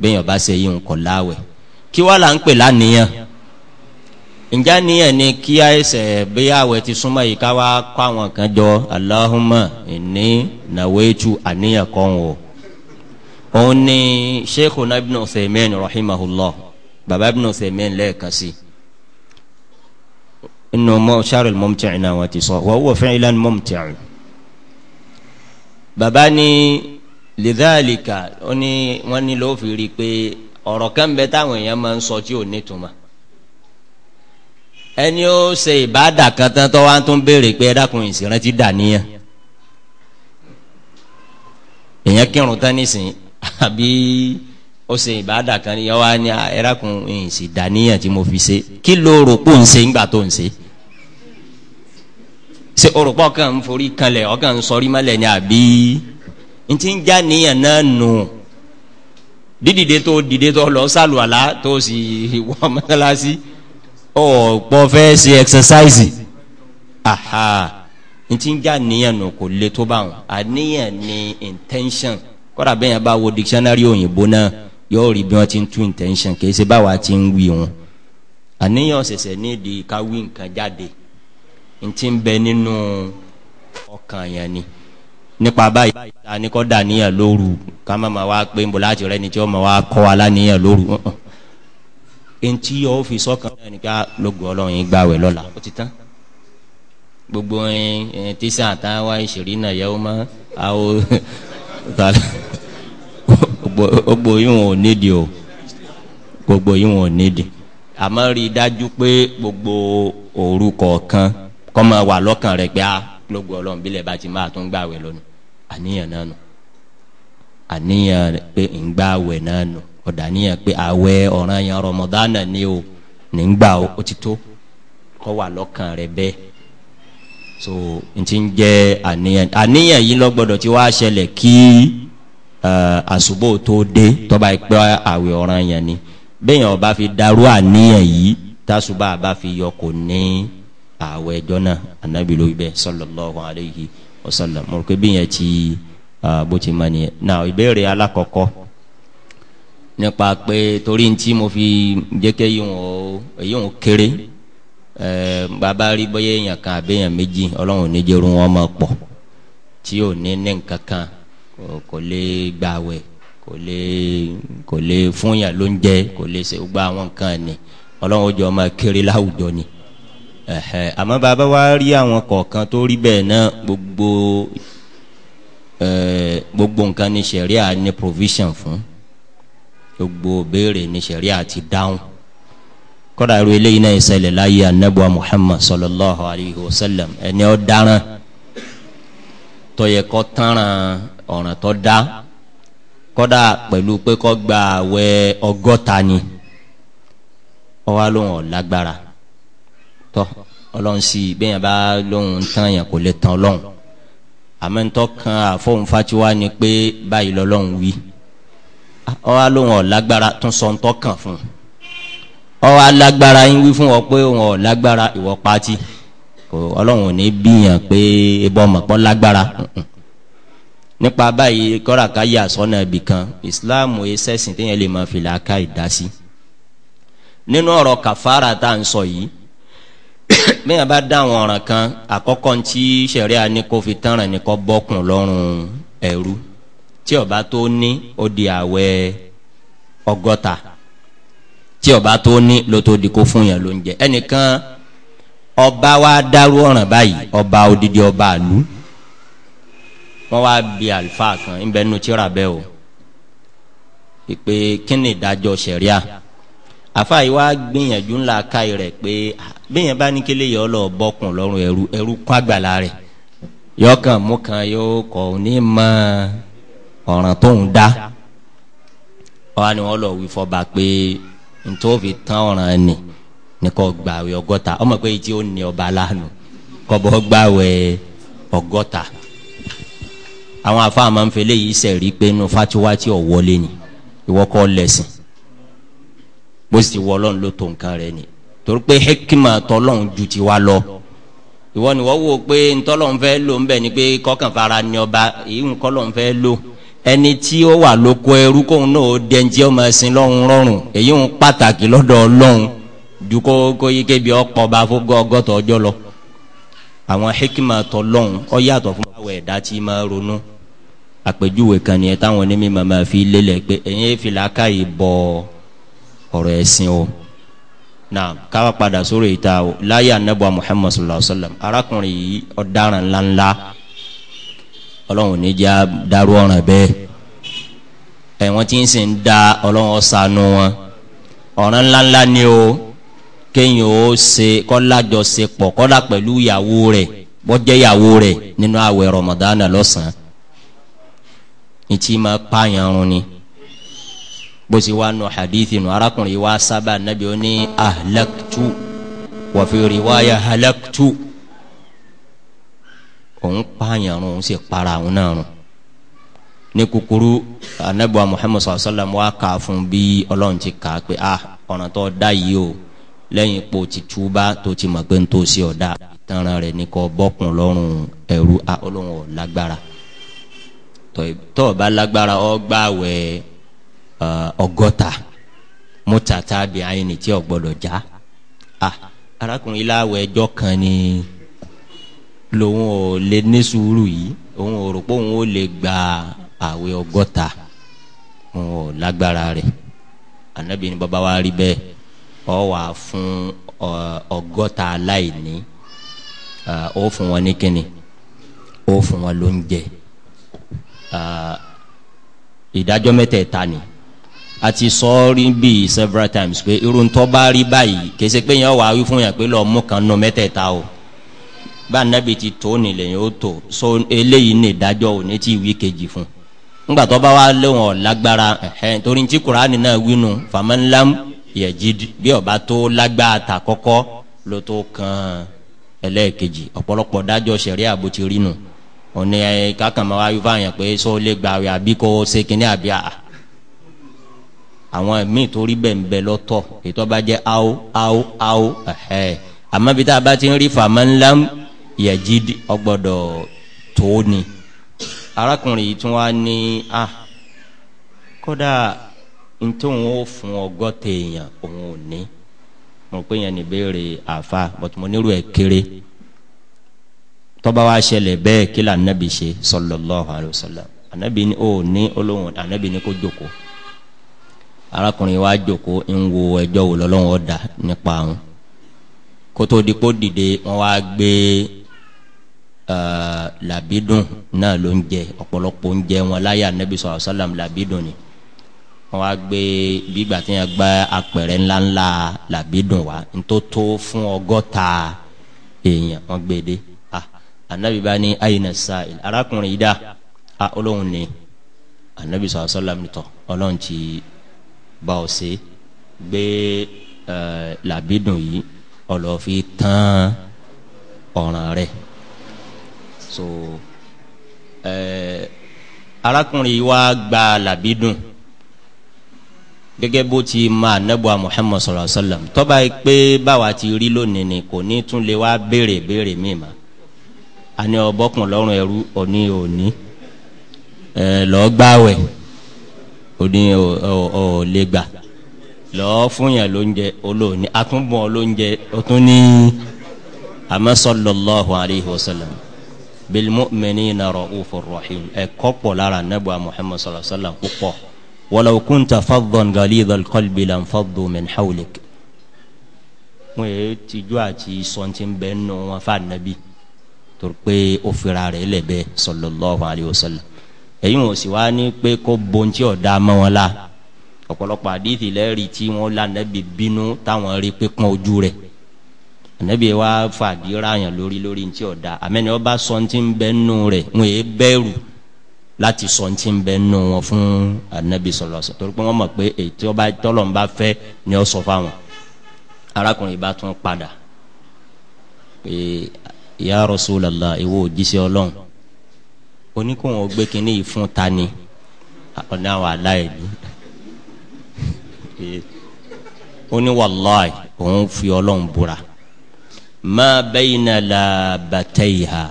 bẹ́ẹ̀yàn bá ṣe yí nǹkan láwẹ̀ kí wàá là ń pè lánìyàn ǹjẹ́ níyàn ni kí àìsẹ̀ bí àwẹ̀ ti súnmọ́ yìí ká wá kó àwọn kan jọ Allahumma inni nawaitu àníyàn kan wò òun ni sheikhuna ibn Uthaymin rahimahullah baba ibn Uthaymin lẹ́ẹ̀kan sí inú Mawsar al-Mumti' náà wọ́n ti sọ wa huwa fi'lan mumti' baba ni lidhalika ó ní wọ́n ní ló fi rí i pé ọ̀rọ̀ kan bẹ táwọn èèyàn máa ń sọ tí ò nítumọ̀ ẹni ó ṣe ìbáàdà kan tán tó wá tún béèrè pé ẹ dákun ìsìnrántí dà níyàn èèyàn kírun tán nísìnyí àbí ọ̀sẹ̀ ìbáàdà kan ni ọwọ́ ni ẹ̀rákùn ìsì dàníyàn tí mo fi ṣe kí ló rò pò ń ṣe ńgbà tó ń ṣe ṣe òrùpọ̀ kan ń forí kanlẹ̀ ọkàn ń sọrí mọ́lẹ̀ ni àbí n ti ń já níyàn náà nù dídìde tó dìde tó lọ sálùwàlá tó sì wọ mọ́tálásí ọ̀pọ̀ fẹ́ ṣe ẹ̀xẹ̀sáìsì aha n ti ń já níyàn nù kò le tó báwọn àníyàn ni intention kọ́dà bẹ́ẹ̀ yẹn bá wo dictionary òyìnbó náà yóò rí bí wọ́n ti ń tú intention kì í ṣe báwa ti ń wí wọn àníyàn ṣẹ̀ṣẹ̀ ní ìdí ká wí nǹkan jáde n ti ń bẹ nínú ọkàn yẹn ni nípa báyìí ta ni kọ́ dàníyàn lóru ká má ma wá pé nbọ̀ láti rẹ́ni tí ó ma wá kọ́ wa láníyàn lóru n tí yóò fi sọ́kàn náà ni ká lóògùn ọlọ́run yín gbàwẹ̀ lọ́la ó ti tán gbogbo ẹ tíṣà táwa ìṣèrí náà yẹ ó mọ́ àwọn gbogbo yìí wọn ò nídìí o gbogbo yìí wọn ò àmọ́ rí i dájú pé gbogbo òru kọ̀ọ̀kan kọ́ máa wà lọ́kàn rẹ̀ pé a ah, ọlọ́run bílẹ̀ bá ti máa tún gbàwẹ̀ lónìí àníyàn náà nù àníyàn pé ń gbàwẹ̀ náà nù ọ̀dà níyàn pé àwẹ̀ ọ̀ranyàn ni o ó ti tó kọ́ wà lọ́kàn rẹ̀ bẹ́ẹ̀. so n ti jẹ́ àníyàn àníyàn yìí lọ gbọ́dọ̀ tí wàá ṣẹlẹ̀ kí eh, àṣùbò tó dé tọ́ba ìpẹ́ àwẹ̀ ọ̀ràn yẹn ni bẹ́ẹ̀ ọba fi darú àníyàn yìí tásùbà bá fi yọ kò ní àwẹ̀ ẹjọ́ anabi ló bẹ́ẹ̀ sallallahu alayhi wa sallam mo rò pé bíyẹn ti eh, bó ti mọ nìyẹn náà ìbéèrè alákọ̀ọ́kọ́ nípa pé torí ntí mo fi jẹ́ yìí wọn kéré ẹẹ bàbá rí bóyá èèyàn kan àbẹ́yàn méjì ọlọ́run oníjẹ́rú wọn máa pọ̀ tí ò ní ní nǹkan kan kò lè gbàwẹ̀ kò lè kò lè fúnyàn ló ń jẹ kò lè ṣe gba àwọn nǹkan ni ọlọ́run ojú ọmọ kéré láwùjọ ni àmọ́ bàbá wa rí àwọn kọ̀ọ̀kan tó rí bẹ́ẹ̀ náà gbogbo gbogbo nǹkan ní sẹ̀ríà ní provision fún gbogbo béèrè ní sẹ̀ríà ti dáhùn kọ́dà irú eléyìí náà ìṣẹ̀lẹ̀ láyé anábùa muhammad sallallahu alayhi wa sallam ẹni ọ dáràn tọyẹ kọ tánràn ọ̀ràn tó dá kọ́dà pẹ̀lú pé kọ́ gba àwẹ̀ ọgọ́ta ni ọwá lóhùn ọ̀lágbára tọ́ ọlọ́run sí i bẹ́ẹ̀ yẹn bá lóhùn ń tán yẹn kò lè tán ọlọ́run àmọ́ ń kan àfọ̀hún fatiwa ni pé báyìí lọ́lọ́run wí ọwá lóhùn ọ̀lágbára tún sọ ń tọ́ fún un ọwọ́ alágbára yín wí fún ọ pé òun ọ̀ lágbára ìwọ pati ọlọ́run ò ní bíyàn pé ebọ́ mọ̀pọ́ lágbára nípa báyìí kọ́ràká yà sọ́nà ibì kan islam ẹsẹ̀sìn téèyàn lè máa fìlà ká ìdásí nínú ọ̀rọ̀ kàfàrà tá à ń sọ yìí bẹ́ẹ̀ bá dá àwọn ọ̀ràn kan àkọ́kọ́ tí sẹ̀ríà ní fi tán ràn ní bọ́kùn lọ́rùn ẹ̀rú tí ọba tó ní ó di àwẹ̀ ọgọ́ta tí ọba tó ní ló tó di kó fún yẹn ló ń jẹ ẹnìkan ọba wa dárú ọ̀ràn báyìí ọba odidi ọba àlú wọn wá bi àlùfáà kan ń bẹ nu tíra bẹ o ìpè kí ni ìdájọ́ ṣẹ̀ríà àfa yìí wá gbìyànjú ńlá ka rẹ pé bẹ́ẹ̀ bá ní kílẹ̀ yọ lọ bọ́kùn lọ́rùn ẹrú ẹrú kún àgbàlá rẹ̀ yọkàn mú kan yóò kọ̀ ní mọ ọ̀ràn tóun dá wọn ni wọn lọ wí fọba pé. ntòfi tán ọ̀ràn ẹni nìkan gbàwé ọgọ́ta ọmọ pé tí ó ní ọba lánàá kọ́bọ̀ gbàwé ọgọ́ta àwọn afa máa ama nfe yìí sẹ̀rí pé pe fatiwa tí ò wọlé ni ìwọ kọ́ lẹ́sìn bó sì ti wọ ọlọ́run ló nǹkan rẹ ni torí pé hekima tọlọ́run ju ti wa lọ ìwọ ni wọ́n wò pé ntọ́lọ́run fẹ́ lò ń bẹ̀ ni pé kọ́kànfara ni ọba èyí ń lò. ẹni tí ó wà lóko ẹrú kóun náà ó dẹ́njẹ́ ọmọ ẹsìn lọ́hùn rọrùn èyí ń pàtàkì lọ́dọ̀ ọlọ́hun ju kó kó yí kébi ọ̀pọ̀ bá fógó ọgọ́tọ̀ ọjọ́ lọ àwọn hikima tọlọ́hun ọ yàtọ̀ fún àwọn ẹ̀dá tí máa ronú àpèjúwe kan táwọn onímọ̀ màmá fi pé fìlà bọ̀ o Na káwa padà anabu muhammadu sallallahu alaihi wa sallam ọlọ́run ní já dárú ọ̀ràn bẹ́ẹ̀ ẹ̀wọ̀n tí ń sì ń da ọlọ́run ọ̀sánú wọn ọ̀ràn ńláńlá ni o kéèyàn ó ṣe kọ́lájọṣepọ̀ kọ́lá pẹ̀lú ìyàwó rẹ̀ bọ́jẹ́ ìyàwó rẹ̀ nínú àwẹ̀ rọmọdánà lọ́sàn-án ní máa pààyàn run ni bó ṣe wá nù hadithi nù arákùnrin wa sábà nàbí ó ní ahlaktu wàfírí wáyà halaktu. tu. òun pààyàn òun sì para òun náà rùn ní kúkúrú anabiwa muhammed sallallahu alaihi wa sallam wá kà fún bí ọlọ́run ti kà á pé a ah, ọ̀ràn tó dá yìí o lẹ́yìn ipò tìtúbà tó ti mọ̀ pé ń tó sí ọ̀dà ìtanràn rẹ̀ ní bọ́kùn lọ́rùn ẹ̀rú a lágbára bá lágbára ọ ọgọ́ta tí gbọ́dọ̀ já a ah, arákùnrin ẹjọ́ kan ni. lòun ò lè ní sùúrù yìí òun ò rò pé òun ò lè gba àwẹ̀ ọgọ́ta òun ò lágbára rẹ̀ anabi ni baba wa rí bẹ́ẹ̀ ọ wà fún ọgọ́ta aláìní ó fún wọn ní kíni ó fún wọn lóúnjẹ ìdájọ́ mẹ́tẹ̀ẹ̀ta ni a ti sọ ọ́ rí bíi several times pé irun tó bá rí báyìí kèsì pé yẹn wà á wí fún yẹn pé lọ́ọ́ mú kan nù mẹ́tẹ̀ẹ̀ta o bá anabi ti tó ni lẹ́yìn ó tó so eléyìí ní ìdájọ́ òní tí ìwé kejì fún ńgbà tó bá wà lóhùn ọ̀lágbára ẹ̀hẹ́n torí ti kuraani náà wínú famanlam yajid bí ọba tó lágbára ta kọ́kọ́ ló tó kàn ẹlẹ́ẹ̀kejì ọ̀pọ̀lọpọ̀ dájọ́ sẹ̀rí àbò ti rí nù òní kákàmá wa yóò fààyàn pé sọ lè gba àwẹ̀ àbí kò ṣe kínní àbí àà àwọn míì tó rí bẹ́ẹ̀ ń bẹ lọ́tọ̀ ètò ọba jẹ́ áwó áwó áwó ẹ̀hẹ́ àmọ́ bí tá a bá ti ń rí famanlam yajid ọgbọdọ tóóni arákùnrin yìí tún wá ní a ah, kódà ntòun ó fún ọgọ́ta èèyàn òun ò ní mo pè yẹn níbèrè àfa bọ́tù mo nírú wa ṣẹlẹ̀ bẹ́ẹ̀ kí anabi ṣe anabi ni ó anabi ni arákùnrin wa ẹjọ́ Eh, làbídùn náà ló ń jẹ ọ̀pọ̀lọpọ̀ ń jẹ wọn láyà nẹ́bí sọ̀rọ̀ sálàm làbídùn ni wọ́n wá gbé bígbà tí wọ́n gba apẹ̀rẹ̀ ńláńlá làbídùn wa ntó tó fún ọgọ́ta èèyàn wọ́n gbé dé anabi ah, bá ní ayina sa'il arákùnrin yìí dá a ah, olóhùn ni anabi sọ̀rọ̀ sálàm nìtọ̀ ọlọ́run ti bá ọ sí gbé eh, làbídùn yìí ọlọ́fi tán ọ̀ràn rẹ̀ so ẹẹ arákùnrin wa gba làbídùn gẹ́gẹ́ bó ti ma anabuwa muhammad sallallahu alaihi wa sallam tọ́ba yìí pé báwa ti rí lónìí ni kò ní tún lè wá béèrè béèrè mi ma àní ọbọkùn lọ́rùn ẹrú òní òní ẹ lọ́ọ́ gbáwẹ̀ òní ò ò lè gbà lọ́ọ́ fún yàn lóúnjẹ olóòní atúnbọ̀n lóúnjẹ ó ní àmọ́ alaihi wa sallam bilmu'minina ra'ufur rahim ẹ̀kọ́ pọ̀ lára nẹ́bùa muhammad sallallahu alayhi wa sallam púpọ̀ walaw kunta faddan ghalidhal qalbi lanfaddu min hawlik. wọ́n yẹ tijú àti sọ́ntì ń bẹ́ nù wọn fà nàbí torí pé ó fira rẹ̀ lẹ́bẹ̀ sallallahu alayhi wa sallam. èyí wọn sì wá ní pé kó bontí ọ̀dà mọ́ wọn la ọ̀pọ̀lọpọ̀ àdìsí lẹ́rìí tí wọ́n lànà bí bínú táwọn rí pé kún ojú rẹ̀ ànábì wa lori lori lórí lórí ntí ọ̀dà àmẹ́ni ọba sọ́ntì ń bẹ́ nù rẹ̀ wọ́n yé bẹ́rù láti sọ́ntì ń bẹ́ nù wọn fún ànábì sọ̀rọ̀ sọ̀rọ̀ torí pé wọ́n mọ̀ pé èyí tí ọba tọ́lọ̀ ń bá fẹ́ ni ọ sọ fáwọn arákùnrin bá tún padà pé ya Rasulullah ìwọ òjíṣẹ́ ọlọ́run oníkóhùn ọgbẹ́ kínní yìí fún ta ni àwọn aláìní ó ní wàláì òun fi ọlọ́run búra ma bayna labatayha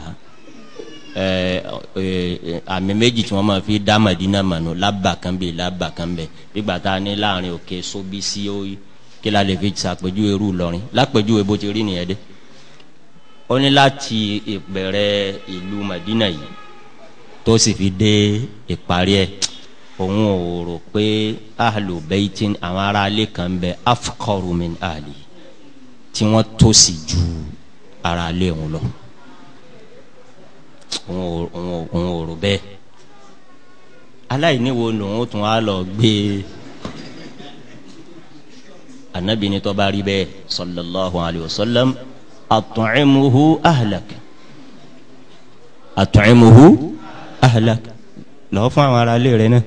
àmì méjì tí wọ́n máa fi dá Madina mànú lábà kan bẹ́ẹ̀ lábà kan bẹ́ẹ̀ gbígbà tá a ní láàrin òkè sóbí sí òyì kí la lè fi ṣàpèjúwe irú Ìlọrin lápèjúwe bó ti rí nìyẹn dé ó ní láti ìbẹ̀rẹ̀ ìlú Madina yìí tó sì fi dé ìparí ẹ̀ òun ò rò pé ahlu baitin àwọn ará kan bẹ afqaru min tí wọ́n tó sì ju ara lé òun lọ òun ò rò bẹ́ẹ̀ aláìníwo lòun ó tún á lọ gbé anabi ni tó bá rí bẹ́ẹ̀ sallallahu alayhi wa sallam at'imuhu ahlak at'imuhu ahlak lọ́ọ́ fún àwọn ará ilé rẹ náà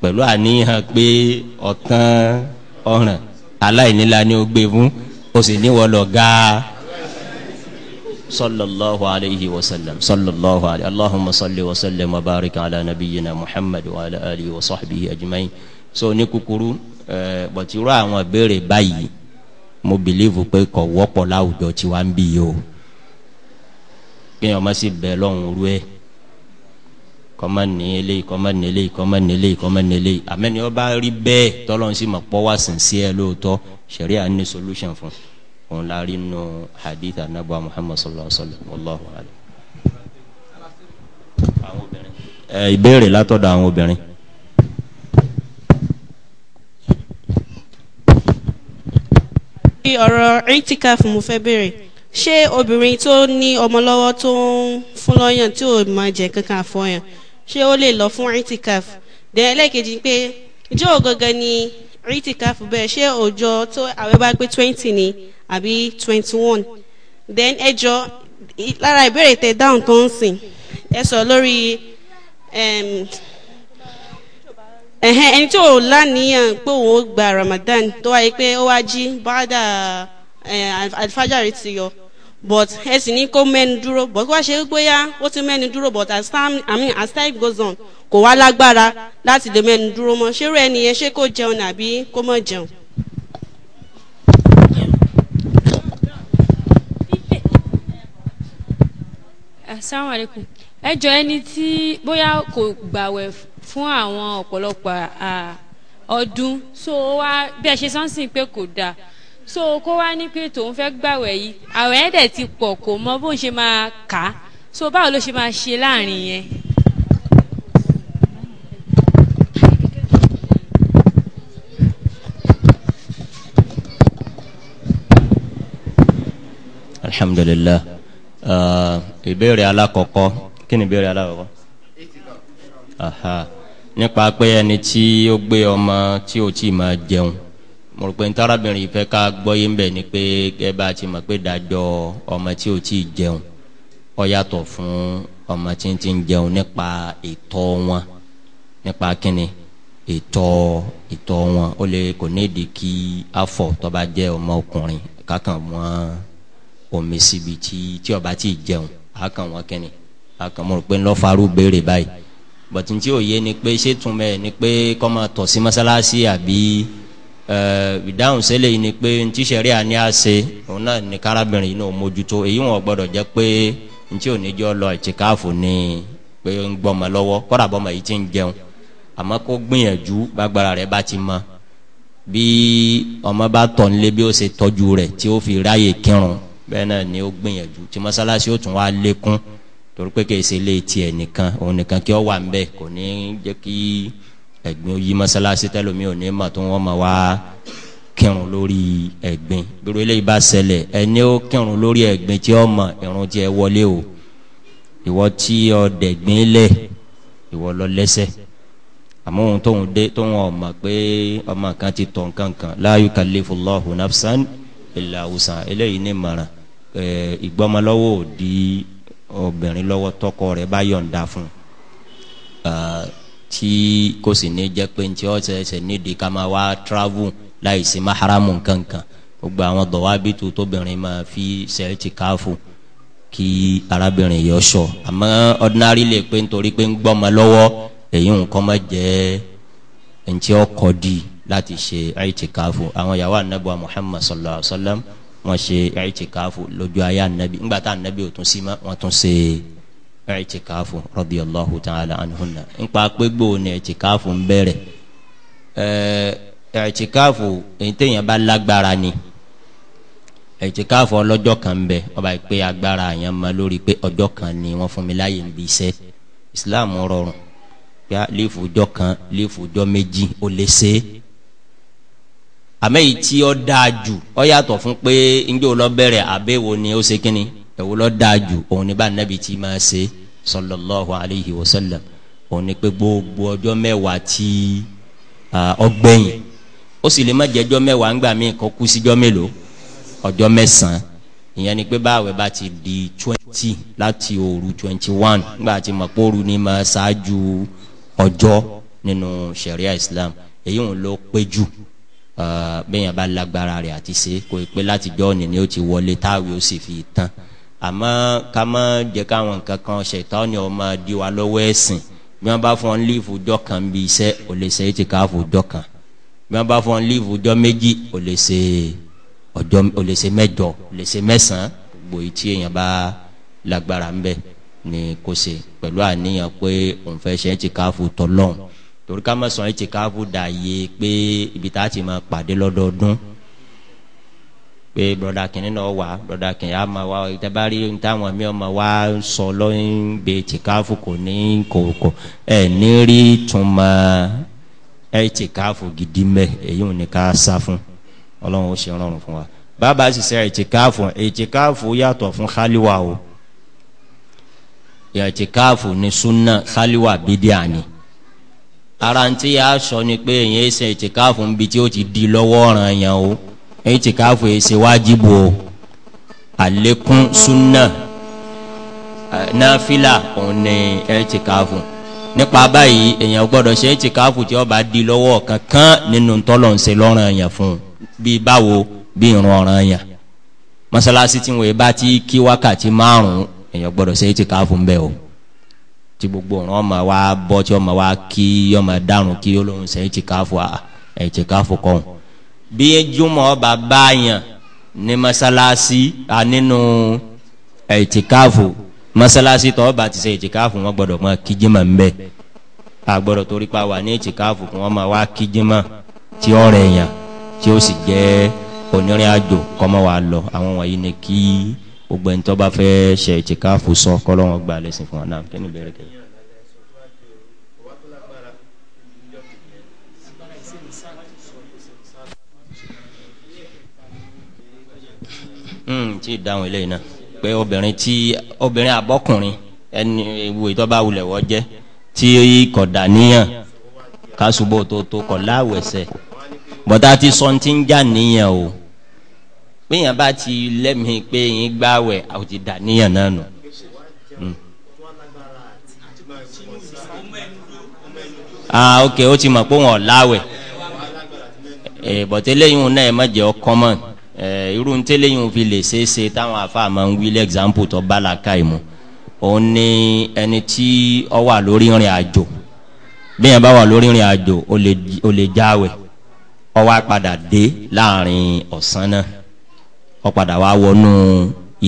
pẹ̀lú àníyàn pé ọ̀tán ọ̀ràn aláìníla ni ó gbé fún o sì ní wọlọ gáà sallallahu alayhi wa sallam sallallahu alayhi allahumma salli wa sallim wa barik ala nabiyyina muhammad wa ala alihi wa sahbihi ajma'in so ní kúkúrú ẹ bọ̀tí rú àwọn ìbéèrè báyìí mo bìlíìfù pé kò wọ́pọ̀ láwùjọ tiwa ń bí yìí o kéèyàn má sì bẹ̀ lọ́hùn rú ẹ̀ kọ́mọ ní eléyìí kọ́mọ ní eléyìí kọ́mọ ní eléyìí kọ́mọ ní eléyìí àmẹ́ni wọ́n bá rí bẹ́ẹ̀ tọ́lọ́n sì mọ̀ pọ́ wá sìn sí ẹ solution fún òun la nù hadith anabu muhammad sallallahu alaihi wa sallam wallahu alam. ìbéèrè látọ̀dọ̀ àwọn obìnrin. bí ọ̀rọ̀ itikaf mo fẹ́ béèrè ṣé obìnrin tó ní ọmọ lọ́wọ́ tó ń fún lọ́yàn tí ò máa jẹ kankan àfọyàn ṣé ó lè lọ fún itikaf dẹ ẹlẹ́ẹ̀kejì pé ǹjẹ́ ò gangan ni itikaf bẹ́ẹ̀ ṣé òòjọ́ tó àwẹ̀ bá pé twenty ni àbí twenty one then ẹjọ́ lára ìbéèrè tẹ dáhùn tó ń sìn ẹ sọ lórí ẹ̀hẹ́n ẹni tó láníyàn pé òun ó gba ramadan tó wáyé pé ó wá jí bàdà eh, alfajari ti yọ but ẹ ní kó mẹ́nu dúró but wá ṣe pé yá ó ti mẹ́nu dúró but as time i mean as time goes on kò wá lágbára láti lè mẹ́nu dúró mọ́ ṣé irú ẹni yẹn ṣé kó jẹun àbí kó mọ̀ jẹun. asalaamualeykum ẹ jọ ẹni tí bóyá kò gbàwẹ̀ fún àwọn ọ̀pọ̀lọpọ̀ ọdún so wá bí ẹ ṣe sọ́nsìn pé kò dáa so kó wá ní pé tòun fẹ́ gbàwẹ̀ yìí àwẹ̀ ẹ̀ dẹ̀ ti pọ̀ kò mọ bó ń ṣe máa kà á so báwo ló ṣe máa ṣe láàrin yẹn. alhamdulilah ìbéèrè alákọ̀ọ́kọ́ kí ni ìbéèrè alákọ̀ọ́kọ́ nípa pé ẹni tí ó gbé ọmọ tí ó ti máa jẹun mo rò pé n tarabìnrin ìfẹ́ ká gbọ́yé ń bẹ̀ ni pé gẹ́gẹ́ bá a ti mọ̀ pé dájọ́ ọmọ tí ò tí ì jẹun ó yàtọ̀ fún ọmọ tí ń ti ń jẹun nípa ìtọ̀ wọn nípa kíni ìtọ̀ ìtọ̀ wọn ó lè kò nídìí kí afọ tó bá jẹ́ ọmọ ọkùnrin kákan wọn omi síbi tí tí ọba tí jẹun àákan wọn kíni àákan mo pé ńlọ béèrè báyìí bọ̀tún tí ò yé ni pé ṣé túnbẹ̀ ni pé kọ́ máa tọ̀ sí mọ́sálásí Eh, ìdáhùn sílẹ̀ yìí ni pé ntí sẹ̀rí àní àṣe òun náà ní kárábìnrin inú mójútó èyí wọn gbọdọ̀ jẹ́ pé ntí oníjọ́ lọ ìtìkáàfù ni pé ń gbọmọ lọ́wọ́ kọ́dà bọ́mọ yìí ti ń jẹun àmọ́ kó gbìyànjú gbàgbára rẹ̀ bá ti mọ bí ọmọ bá tọ̀ nílé bí ó ṣe tọ́jú rẹ̀ tí ó fi ráyè kírun bẹ́ẹ̀ náà ni ó gbìyànjú tí mọ́sálásí ó tún wá lékún torí pé tiẹ̀ nìkan ẹ̀gbin yìí mọ́sálásí tẹ́lómi ò ní mọ̀ tó wọ́n mọ̀ wá kírun lórí ẹ̀gbin bírò eléyìí bá ṣẹlẹ̀ ẹni ó kírun lórí ẹ̀gbin tí ó mọ̀ irun tí ẹ wọlé o ìwọ tí ọ dẹ̀gbin lẹ̀ ìwọ lọ lẹ́sẹ̀ àmọ́ ohun tóun dé tóun ọmọ pé ọmọ kan ti tọ̀ nǹkan kan la yukallifu Allahu nafsan illa usa eléyìí ní mọ̀ràn ìgbọ́mọlọ́wọ́ ò di obìnrin lọ́wọ́ tọkọ rẹ̀ bá yọ̀ǹda fún un tí kò sì ní jẹ́ pé ntí ọ̀sẹ̀ ẹsẹ̀ nídìí ká máa wá travel láì sí maharamu kankan gbogbo àwọn dọ̀wábìtú tóbìnrin máa fi ṣe é kí arábìnrin yọ sọ àmọ́ ordinary lè pé nítorí pé ń gbọ́mọ lọ́wọ́ èyí nǹkan má jẹ́ ntí ọkọ̀ di láti ṣe àìtìkáfù àwọn yàwó anabiwa Muhammad sallallahu alaihi wa sallam wọ́n ṣe àìtìkáfù lójú ayé anabi ńgbà tá anabi ò tún sí mọ́ wọ́n tún ṣe ẹ̀tìkáfù radiyallahu ta'ala anhunna nípa pé gbòó ni ẹ̀tìkáfù ń bẹ̀rẹ̀ ẹ̀tìkáfù èyí téèyàn bá lágbára ni ẹ̀tìkáfù ọlọ́jọ́ kan ń bẹ ọba pé agbára àyàn lori lórí pé kan ni wọ́n fún mi láàyè iṣẹ́ Islam rọrùn kan ọjọ́ méjì ó lè ṣe é tí ọ dáa jù yàtọ̀ fún pé èwo ló dáa jù òun ni bá nàbì tí máa ṣe sallallahu alayhi wa sallam òun ni pé gbogbo ọjọ́ mẹ́wàá tí ọgbẹ̀yìn ó sì lè má jẹ́jọ́ mẹ́wàá ńgbà míì kó kú síjọ́ mélòó ọjọ́ mẹ́sàn ìyẹn ni pé báwẹ̀ bá ti di twenty láti òru twenty one ńgbà tí mọ̀póoru ni máa ṣáájú ọjọ́ nínú sharia islam èyí òun ló pé jù bẹ́ẹ̀ yẹn bá lágbára rẹ̀ àti ṣe kò pé látijọ́ òní ni ó ti wọlé táwí ó sì fi tán àmọ́ ká má jẹ́ káwọn nǹkan kan ṣètọ́ ni ọmọ di wa lọ́wọ́ ẹ̀sìn bí wọ́n bá fún ọ líìfù jọ kan bí iṣẹ́ ò lè ṣe ètì jọ kan bí wọ́n bá fún ọ jọ méjì ò lè ṣe ọjọ́ ò lè gbogbo etí èèyàn bá lágbára ń ni kò ṣe pẹ̀lú àníyàn pé òun fẹ́ ṣe ètì káfù tọ́lọ́hún torí ká má sọ ètì káfù dà yé pé ibi tá a ti máa pàdé lọ́dọọdún pé broda kìnìún náà wà broda kìnìún á máa wá ìtẹ́bárí táwọn mi ọmọ wa ń sọ lọ́yìn bẹ tìkáfù kò ní kòkò ẹ̀ ní rí túmọ̀ gidi mẹ́ èyí ò ní ká sá fún ọlọ́run ó ṣe rọrùn fún wa bàbá sì sẹ́ ìtìkáfù ìtìkáfù yàtọ̀ fún khaliwa o ìtìkáfù ní sunna khaliwa bídíà ni ara ń ni pé èyí ń ṣe ìtìkáfù níbi tí ti di lọ́wọ́ ọ̀ràn o itikafu ese wajibu o alekun sunna nafila òun ni itikafu nípa báyìí èèyàn gbọ́dọ̀ ṣe itikafu tí ó bá di lọ́wọ́ kankan nínú tọ́lọ̀ ń ṣe lọ́rùn yẹn fún bí báwo bí ìrun ọ̀ràn yẹn mọ́sálásí tí wọ́n bá ti kí wákàtí márùn-ún èèyàn gbọ́dọ̀ ṣe itikafu ń bẹ o tí gbogbo ọ̀ràn ọmọ wa bọ́ tí ọmọ wa kí ọmọ dárun kí olóhùn ṣe itikafu a itikafu kọ́hún bí júmọ̀ bàbá yàn ní masalasi nínú ẹ̀tìkáfù masalasi tó bá ti ṣe ẹ̀tìkáfù wọn gbọdọ̀ mọ kíjìmọ̀ ń bẹ àgbọdọ̀ torí pa wà ní ẹ̀tìkáfù kí wọ́n máa wá kíjìmọ̀ tí ó rẹ̀ yàn tí ó sì jẹ́ onírìn àjò kọ́mọ́ wa lọ àwọn wọ̀nyí ni kí gbogbo ẹni tó bá fẹ́ ṣe ẹ̀tìkáfù sọ kọ́lọ́wọ́n gba lẹ́sìn fún wa náà kí ni bẹ̀rẹ̀ kẹ́yìn. Hmm, tí dáhùn eléyìí náà pé obìnrin tí obìnrin àbọ́kùnrin ẹni ewu ìtọ́ bá wulẹ̀ wọ́ jẹ́ tí kọ̀dà níyàn kásùbò tó tó kọ̀ láwẹ̀sẹ̀ bọ́tà ti sọ ti ń já níyàn o péyàn bá ti lẹ́mìí pé yín gbáwẹ̀ àwọn ti dà níyàn náà nù. ah ok ó ti mọ̀ pé wọn ò láwẹ̀ eh, bọ̀tẹ́lẹ́yìn náà ẹ má jẹ́ ọ kọ́mọ̀nù. Eh, irú ń tẹ́lẹ̀ yìí ń fi lè ṣeé ṣe táwọn afa máa ń wí lẹ́gzámpù tó bá la ká ìmú òun ni ẹni tí ọ wà lórí ìrìn àjò bẹ́ẹ̀ bá wà lórí ìrìn àjò ó lè jáwé ọ wá padà dé láàrin ọ̀sán náà ọ padà wá wọnú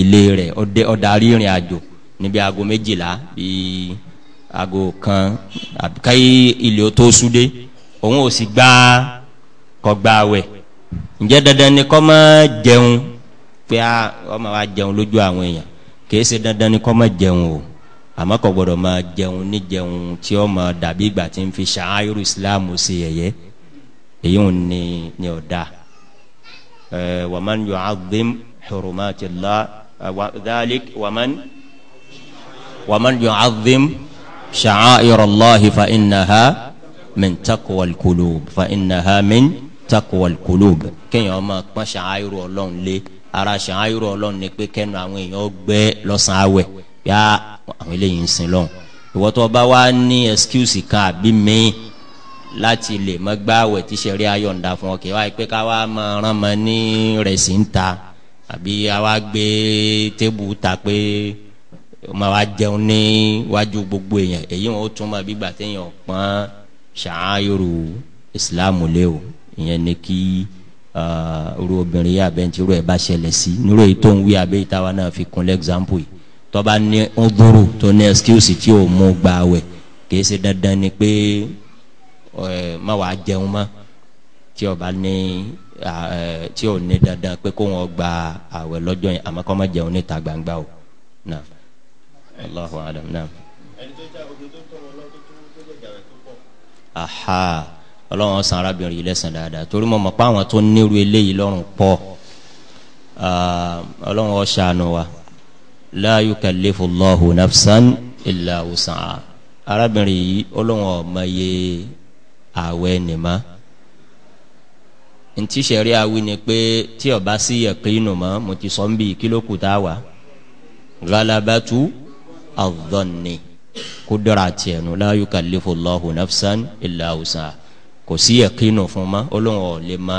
ilé rẹ̀ ọ darí ìrìn àjò níbi aago méjìlá bíi aago kan àbíkáyé ilé tó súdé òun ò sì gbá kọ gbá wẹ̀ ǹjẹ́ dandan ni kọ́ máa jẹun pé ọmọ wa jẹun lójú àwọn èèyàn kìí ṣe dandan ni kọ́ máa jẹun o àmọ́ kò gbọ́dọ̀ máa jẹun ní jẹun tí ó máa dàbí ìgbà tí ń fi ṣááyúrú islam ṣe yẹ̀yẹ́ èyí ò ní ní ọ̀dà wàmán yóò àdìm xurumatillah dalik wàmán wàmán yóò àdìm ṣááyúrú allahi fa innaha min takwal kulub fa innaha min takuwal kulub kéèyàn máa pọ́n ṣàáyúrò ọlọ́run lé ara ṣàáyúrò ọlọ́run ni pé kẹ́nu àwọn èèyàn gbẹ́ lọ́sàn-án àwẹ̀ yá àwọn eléyìí ń sin lọ́hùn ìwọ́ tó bá wá ní excuse kan àbí mìíràn láti lè mọ́ gbáwẹ̀ tí sẹ́rí ayọ̀ǹda fún ọ kì í wá pé ká wá máa rán mọ́ ní rẹ̀ ń ta àbí àwa gbé tébù ta pé ma wa jẹun ní wájú gbogbo èèyàn èyí wọn ó tún bí gbà téèyàn pọ́n ṣàáyòrò lé o ìyẹn ni kí irú obìnrin yà bẹ́ẹ̀ tí irú ẹ̀ bá ṣẹlẹ̀ sí nírú èyí tó ń wí abẹ́ ìtawà náà fi kún lẹ́gzámpù yìí tọ́ba ní ń dúró tó ní ẹ́skíwùsì tí ò mú gba awẹ̀ kìí ṣe dandan ni pé má wàá jẹun mọ́ tí ọba ní tí ò ní dandan pé kó wọn gba awẹ̀ lọ́jọ́ yẹn àmọ́ kọ́ má jẹun níta gbangba o náà Allahu alam na ẹni tó já omi tó tọrọ lọ tó tó lè jà rẹ tó pọ̀. aha ọlọ́run san arábìnrin yìí lẹ́sàn dáadáa torí mo mọ̀ pé àwọn tó nírú eléyìí lọ́rùn pọ̀ ọlọ́run ọ̀ṣàánú wa la yukallifu Allahu nafsan illa wus'aha arábìnrin yìí ọlọ́run ọ̀mọye àwẹ̀ nìmá ntí sẹ̀rí awi ni pé tí ọba sí yẹ̀kínù mọ́ mo ti sọ ń bí kílókù tá a wà ghalabatu adh-dhanni kudra tiẹ̀ nù la yukallifu Allahu nafsan kò sí ẹ̀kínú fún mọ́ olóhùn ọ̀ lè mọ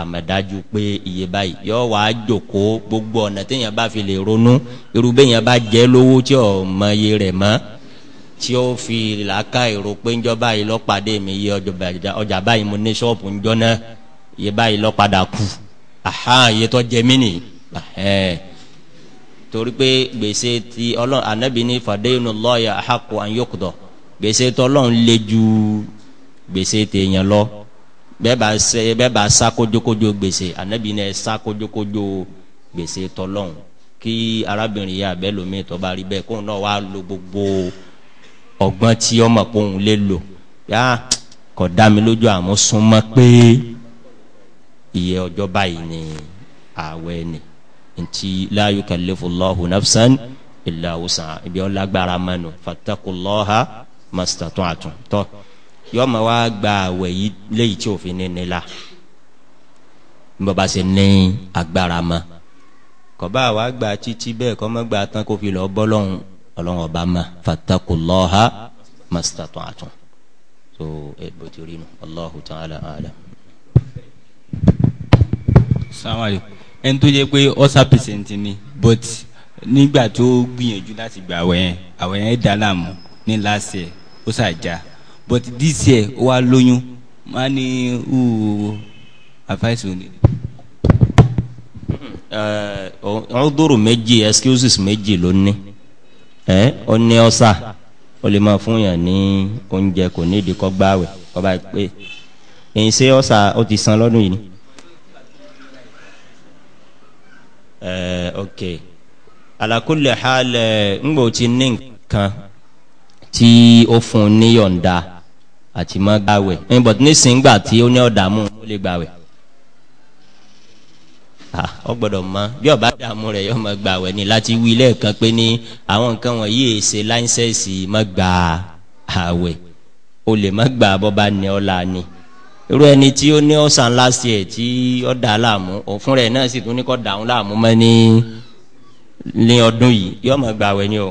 àmọ̀dájú pé iye báyìí yọ wà á jòkóó gbogbo ọ̀nà téèyàn bá fi lè ronú irú béèyàn bá jẹ́ lówó tí ò mọ iye rẹ̀ mọ́ tí ó fi làákà èrò pé ńjọ́ báyìí lọ́pàdé mi iye ọjà báyìí mo ní ṣọ́ọ̀bù ńjọ́ náà iye báyìí lọ́padà kù àhá iye tó jẹ mí nìyí torí pé gbèsè ti ọlọ́run ànábì ní fàdéyìnú lọ́ọ̀yà àhàkù àyọkùtọ̀ gbèsè tọ́lọ́run le ju gbèsè tèèyàn lọ bẹ́ẹ̀ bá sá kójókójó gbèsè ànábì ní ẹ sá kójókójó gbèsè tọlọ́hún kí arábìnrin yà bẹ́ẹ̀ lómi tó bá rí bẹ́ẹ̀ kóun náà wá lo gbogbo ọgbọ́n tí ọmọ kóun lè lò yá kò dá mi lójú àmọ́ súnmọ́ pé iye ọjọ́ báyìí ni ààwẹ̀ ni nti la yukallifu Allahu nafsan illa wusaha ibi ọlágbára mẹ́nu fattaqullaha mastata'tum tọ́ yọ ma wá gba àwẹ̀ yìí léyìí tí òfin ní nílà bàbá ṣe ní agbára ma kọba wa gba títí bẹ́ẹ̀ kọ́ mọ́ gba tán kó fi lọ bọ́ lọ́hùn ọlọ́run ọba ma fatakulọ́ha mastatọ̀ àtún so ẹ bó ti rí nu Allahu ta'ala alam. sàmárì ẹni tó jẹ́ pé ọ́sà pẹ̀sẹ̀ntì ni but nígbà tó gbìyànjú láti gbà àwẹ̀ yẹn àwẹ̀ yẹn ní láṣẹ ó ṣàjà but this year ó wá lóyún má ní uu advice òní. ọdọọrọ eh, méjì excuses méjì ló ní ẹ eh, ọ ní ọsà ó lè máa fún yàn ní oúnjẹ kò ní ìdíkọ gbáwẹ kọba pé èyí ṣe ọsà ó ti san lọdún yìí eh, ok alakule xaal ngbọ ti ní nǹkan tí ó fún un ní yọ̀ǹda àti má gbàwẹ̀ níbọ̀ eh, nísìnyí gbà tí ó ní ọ̀dààmú ó lè gbàwẹ̀ ọ ah, gbọ́dọ̀ mọ̀ bí ọba dààmú rẹ̀ yọ ma gbàwẹ̀ ni láti wí lẹ́ẹ̀kan pé ní àwọn nǹkan wọ̀nyí èsè láńsẹ̀sì má gbà àwẹ̀ o lè má gbà bọba ní ọlá ni irú ẹni tí ó ní ọ̀sán last year tí ó dà láàmú òfun rẹ̀ náà sì tún ní kó dàún láàmú mọ́ ní ní ọdún yìí yọ ma gbàwẹ̀ ni o.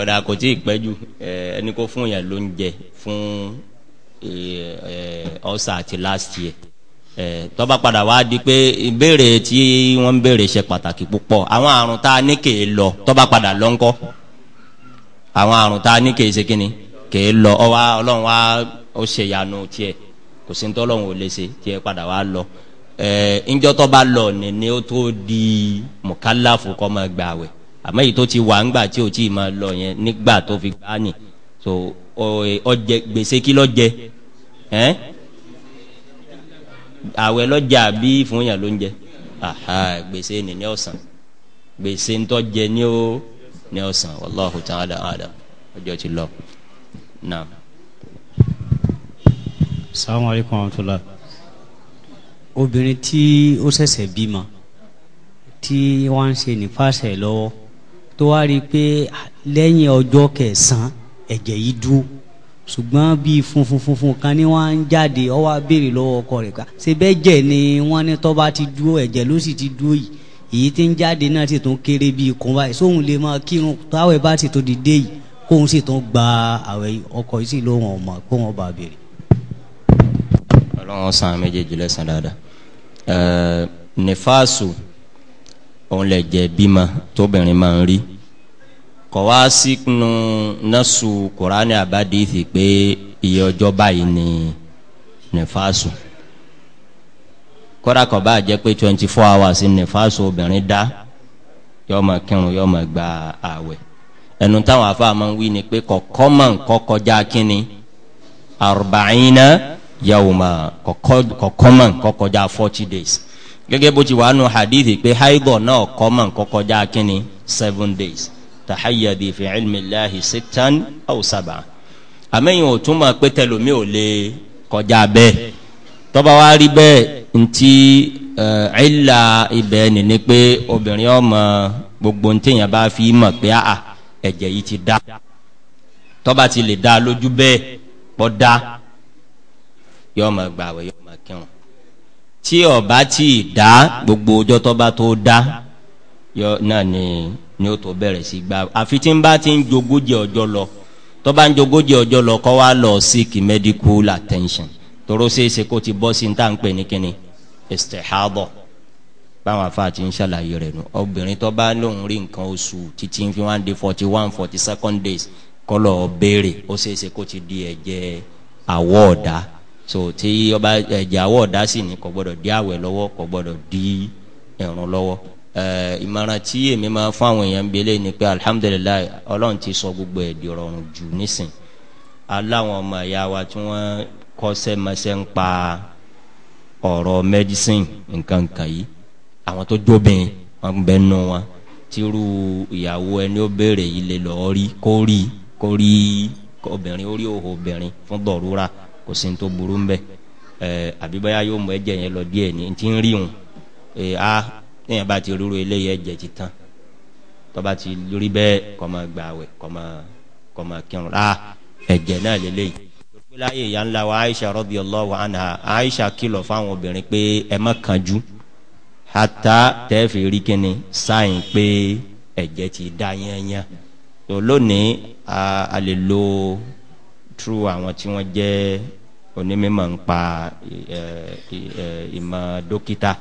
ọ̀dà kò tí ì pẹ́jù ẹni kó fún yẹn ló ń jẹ fún ọ̀sà àti last year tó padà wá di pé ìbéèrè tí wọ́n ń béèrè ṣe pàtàkì púpọ̀ àwọn àrùn tá a ní lọ tó padà lọ ńkọ́ àwọn àrùn tá a ní lọ ọ ọlọ́run wá ó ṣe ìyanu tiẹ̀ kò sí ní lọ ńjọ́ ni ó di àmọ́ èyí tó ti wà ńgbà tí ò tí ì máa lọ yẹn nígbà tó fi gbá nì so ọjẹ gbèsè kí lọ jẹ ẹ àwẹ lọjà àbí fún yàn ló ń jẹ gbèsè ni ní ọ̀sán gbèsè ń tọ́jẹ ní ó ní ọ̀sán wallahu ta'ala a'lam ọjọ́ ti lọ naam. assalamu alaikum warahmatullah obìnrin tí ó ṣẹ̀ṣẹ̀ bímọ tí wọ́n ń ṣe nípasẹ̀ lọ́wọ́ tó wá rí i pé lẹ́yìn ọjọ́ kẹsàn-án ẹ̀jẹ̀ yìí dúró ṣùgbọ́n bíi funfun funfun kan ni wọ́n á ń jáde ó wá béèrè lọ́wọ́ ọkọ rẹ̀ ká ṣe bẹ́ẹ̀ jẹ́ ni wọ́n ní tó bá ti dúró ẹ̀jẹ̀ ló sì ti dúró yìí èyí tí ń jáde náà sì tún kéré bíi kùn báyìí sóhun lè máa kírun táwọn ẹ̀ bá sì tó dìde yìí kóhun sì tún gba àwẹ̀ ọkọ yìí sì lóhun ọmọ kóhun ọba béèrè. ọlọ́run san méjèèjì lẹ́sàn-án dáadáa nífàásù. Uh, òun lè jẹ bímọ tóbìnrin máa ń rí kọ̀ wá sínú nọ́ọ̀sù kùránì àbádìísì pé iye ọjọ́ báyìí ni nífàsù kódà kọ̀ bá jẹ́ pé twenty four hours nífàsù obìnrin dá yọ máa kírun yọ máa gba ààwẹ̀ ẹnu táwọn afáà máa ń wí ni pé kọ̀kọ́ máa ń kọ́ kọjá kínni àrùbáyínà yawma kọ̀kọ́ máa ń kọ́ kọjá forty days. gẹ́gẹ́ bó ti wà nù hadithi pé haibọ̀ náà kọ́mọ̀ kọ́kọ́já kínní seven days tahayyadi fi ilmillahi sitan aw saba àmẹ́yìn ò túmọ̀ pé tẹlomi ò lè kọjá bẹ́ẹ̀ tọ́ba wa rí bẹ́ẹ̀ ntí ẹ̀ẹ́là ibẹ̀ nìní pé obìnrin ọmọ gbogbo ntẹ̀yìn fi mọ̀ pé àà ẹ̀jẹ̀ yìí ti tọ́ba ti lè lójú bẹ́ẹ̀ tí ọba tí ì dá gbogbo ọjọ́ tó bá tó dá yọ náà ni ni ó tó bẹ̀rẹ̀ sí gbà àfi tí ń bá ti ń jogójì ọjọ́ lọ tó bá ń jogójì ọjọ́ lọ kọ́ wa lọ seek medical attention tóró ṣeéṣe kó ti bọ́ sí ní tá à ń pè ní kíni istihadọ báwọn afa ti ń ṣàlàyé rẹ̀ nù obìnrin tó bá lóun rí nǹkan oṣù títí fi wá ń di forty one forty second days kọ́ lọ́ọ́ béèrè ó ṣeéṣe kó ti di ẹ̀jẹ̀ àwọ̀ ọ̀dà so tí ọba ẹ̀jáwọ́ dasi sì kò gbọ́dọ̀ dí àwẹ̀ lọ́wọ́ kò gbọ́dọ̀ dí ẹ̀rùn lọ́wọ́ ìmọ̀ràn tí èmi máa fún àwọn èèyàn gbélé ni pé alihamudulilayi ọlọ́run ti sọ gbogbo ẹ̀ di rọrùn jù nísìn aláwọn ọmọ ẹ̀yà wa tí wọ́n kọ́sẹ́ mẹsẹ́ ń pa ọ̀rọ̀ mẹ́dísìn nǹkan kan yìí àwọn tó jóbìn wọn bẹ nù wọn tírú ìyàwó ẹni ó béèrè yìí lè lọ́ọ́ rí kó rí kó rí obìnrin ó rí òhò obìnrin fún dọ̀rúra kò sí tó burú ń bẹ ẹ àbí yóò mú ẹ̀jẹ̀ yẹn lọ díẹ̀ ní ti ń rí òun ẹ a téèyàn bá ti rúru eléyìí ẹ̀jẹ̀ ti tán tọba ti lórí bẹ́ẹ̀ kọ máa gbà wẹ̀ kọ máa kọ máa kírun a ẹ̀jẹ̀ náà lélẹyìí láyé ìyá ńlá wa aisha radiyallahu anha aisha kìlọ̀ fáwọn obìnrin pé ẹ má kánjú hata tẹ́ẹ̀fì rí kíni sáyìn pé ẹ̀jẹ̀ ti dá yányán tó lónìí a lè lo through àwọn tí wọ́n jẹ́ onímọ̀ ń pa ìmọ̀ dókítà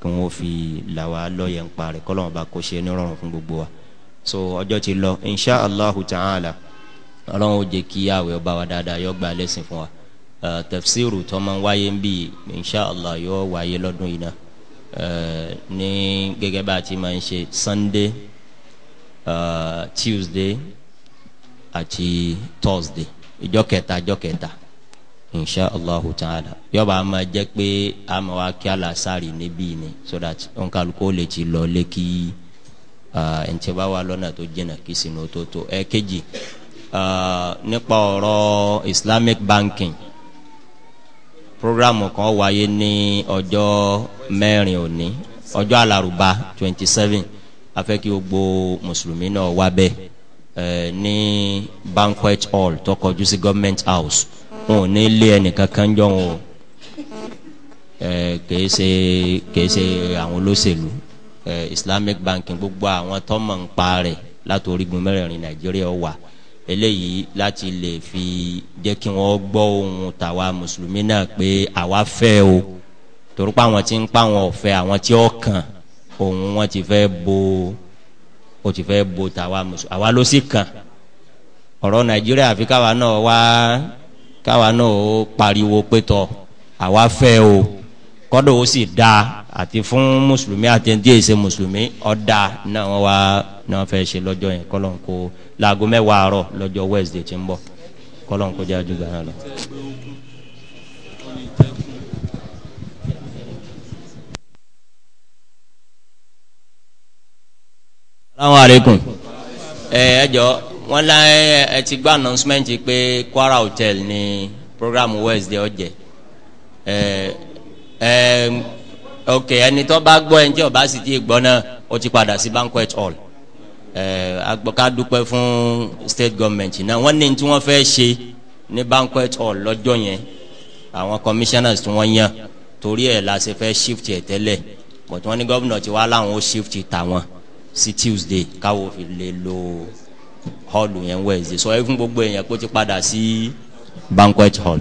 kí wọ́n fi là wá ń pa rẹ̀ kọ́lọ́mù bá kó ṣe nírọ̀rùn fún gbogbo wa so ọjọ́ ti lọ insha allah ta'ala ọlọ́run ó jẹ́ kí àwẹ̀ ọba wa dáadáa yọ gba lẹ́sìn fún wa tafsiru tó máa ń wáyé ń bì insha allah yọ wáyé lọ́dún yìí náà ní gẹ́gẹ́ bá a ti máa ń ṣe sunday uh, tuesday àti thursday ìjọ kẹta ìjọ kẹta insha allah ta'ala yọba a máa jẹ pé a máa wá kí alasari níbí ni so that onkaluko lè ti lọ lé kí ẹnití bá wà lọ́nà tó jìnnà kí sinú tó tó ẹ kéjì nípa ọ̀rọ̀ islamic banking programu kan wáyé ní ọjọ́ mẹ́rin òní ọjọ́ alárùbá twenty seven afẹ́ kí gbogbo mùsùlùmí náà wá bẹ́ẹ̀. Eh, ní banquet hall tó kọjú sí government house wọn ò ní lé ẹnìkan kan jọ wọn eh, kìí ṣe kìí ṣe àwọn olóṣèlú eh, islamic banking gbogbo àwọn tó mọ̀ ń pa rẹ̀ látòrígun mẹ́rẹ̀ẹ̀rin nàìjíríà wà eléyìí láti lè fi jẹ́ kí wọ́n gbọ́ ohun tàwa mùsùlùmí náà pé àwa fẹ́ o torí pé àwọn tí ń pa àwọn ọ̀fẹ́ àwọn tí ó òun wọ́n ti fẹ́ bo ó ti fẹ́ bo tàwa mùsùlùmí àwa ló sì kàn ọ̀rọ̀ nàìjíríà àfi káwa náà wá káwa náà ó pariwo pé tọ àwa fẹ́ o kọ́dọ̀ ó sì da àti fún mùsùlùmí àti ẹni tí èyí ṣe mùsùlùmí ọ̀dà náà wọ́n wá náà fẹ́ ṣe lọ́jọ́ yẹn kọ́lọ́n kó laago mẹ́wàá àárọ̀ lọ́jọ́ wednesday ti ń bọ̀ kọ́lọ́n kó jẹ́ àdúgbò náà lọ. Assalamu alaikum. ẹ jọ wọn lá ẹ ti gba announcement pé Kwara Hotel ni program Wednesday ọjẹ ẹ ẹ ok ẹni tó bá gbọ́ ẹni tí ó bá sì ti gbọ́ náà ó ti padà sí banquet hall ẹ agbọ́ká dúpẹ́ fún state government náà wọ́n ní tí wọ́n fẹ́ ṣe ní banquet hall lọ́jọ́ yẹn àwọn commissioners tí wọ́n yàn torí ẹ̀ la ṣe fẹ́ shift ẹ̀ tẹ́lẹ̀ but wọ́n ní gómìnà tí wàá láwọn ó shift tàwọn sí tuesday káwọ́ fi lè lo hall yẹn wednesday sọ so, ẹ fún gbogbo èèyàn kó ti padà sí banquet hall.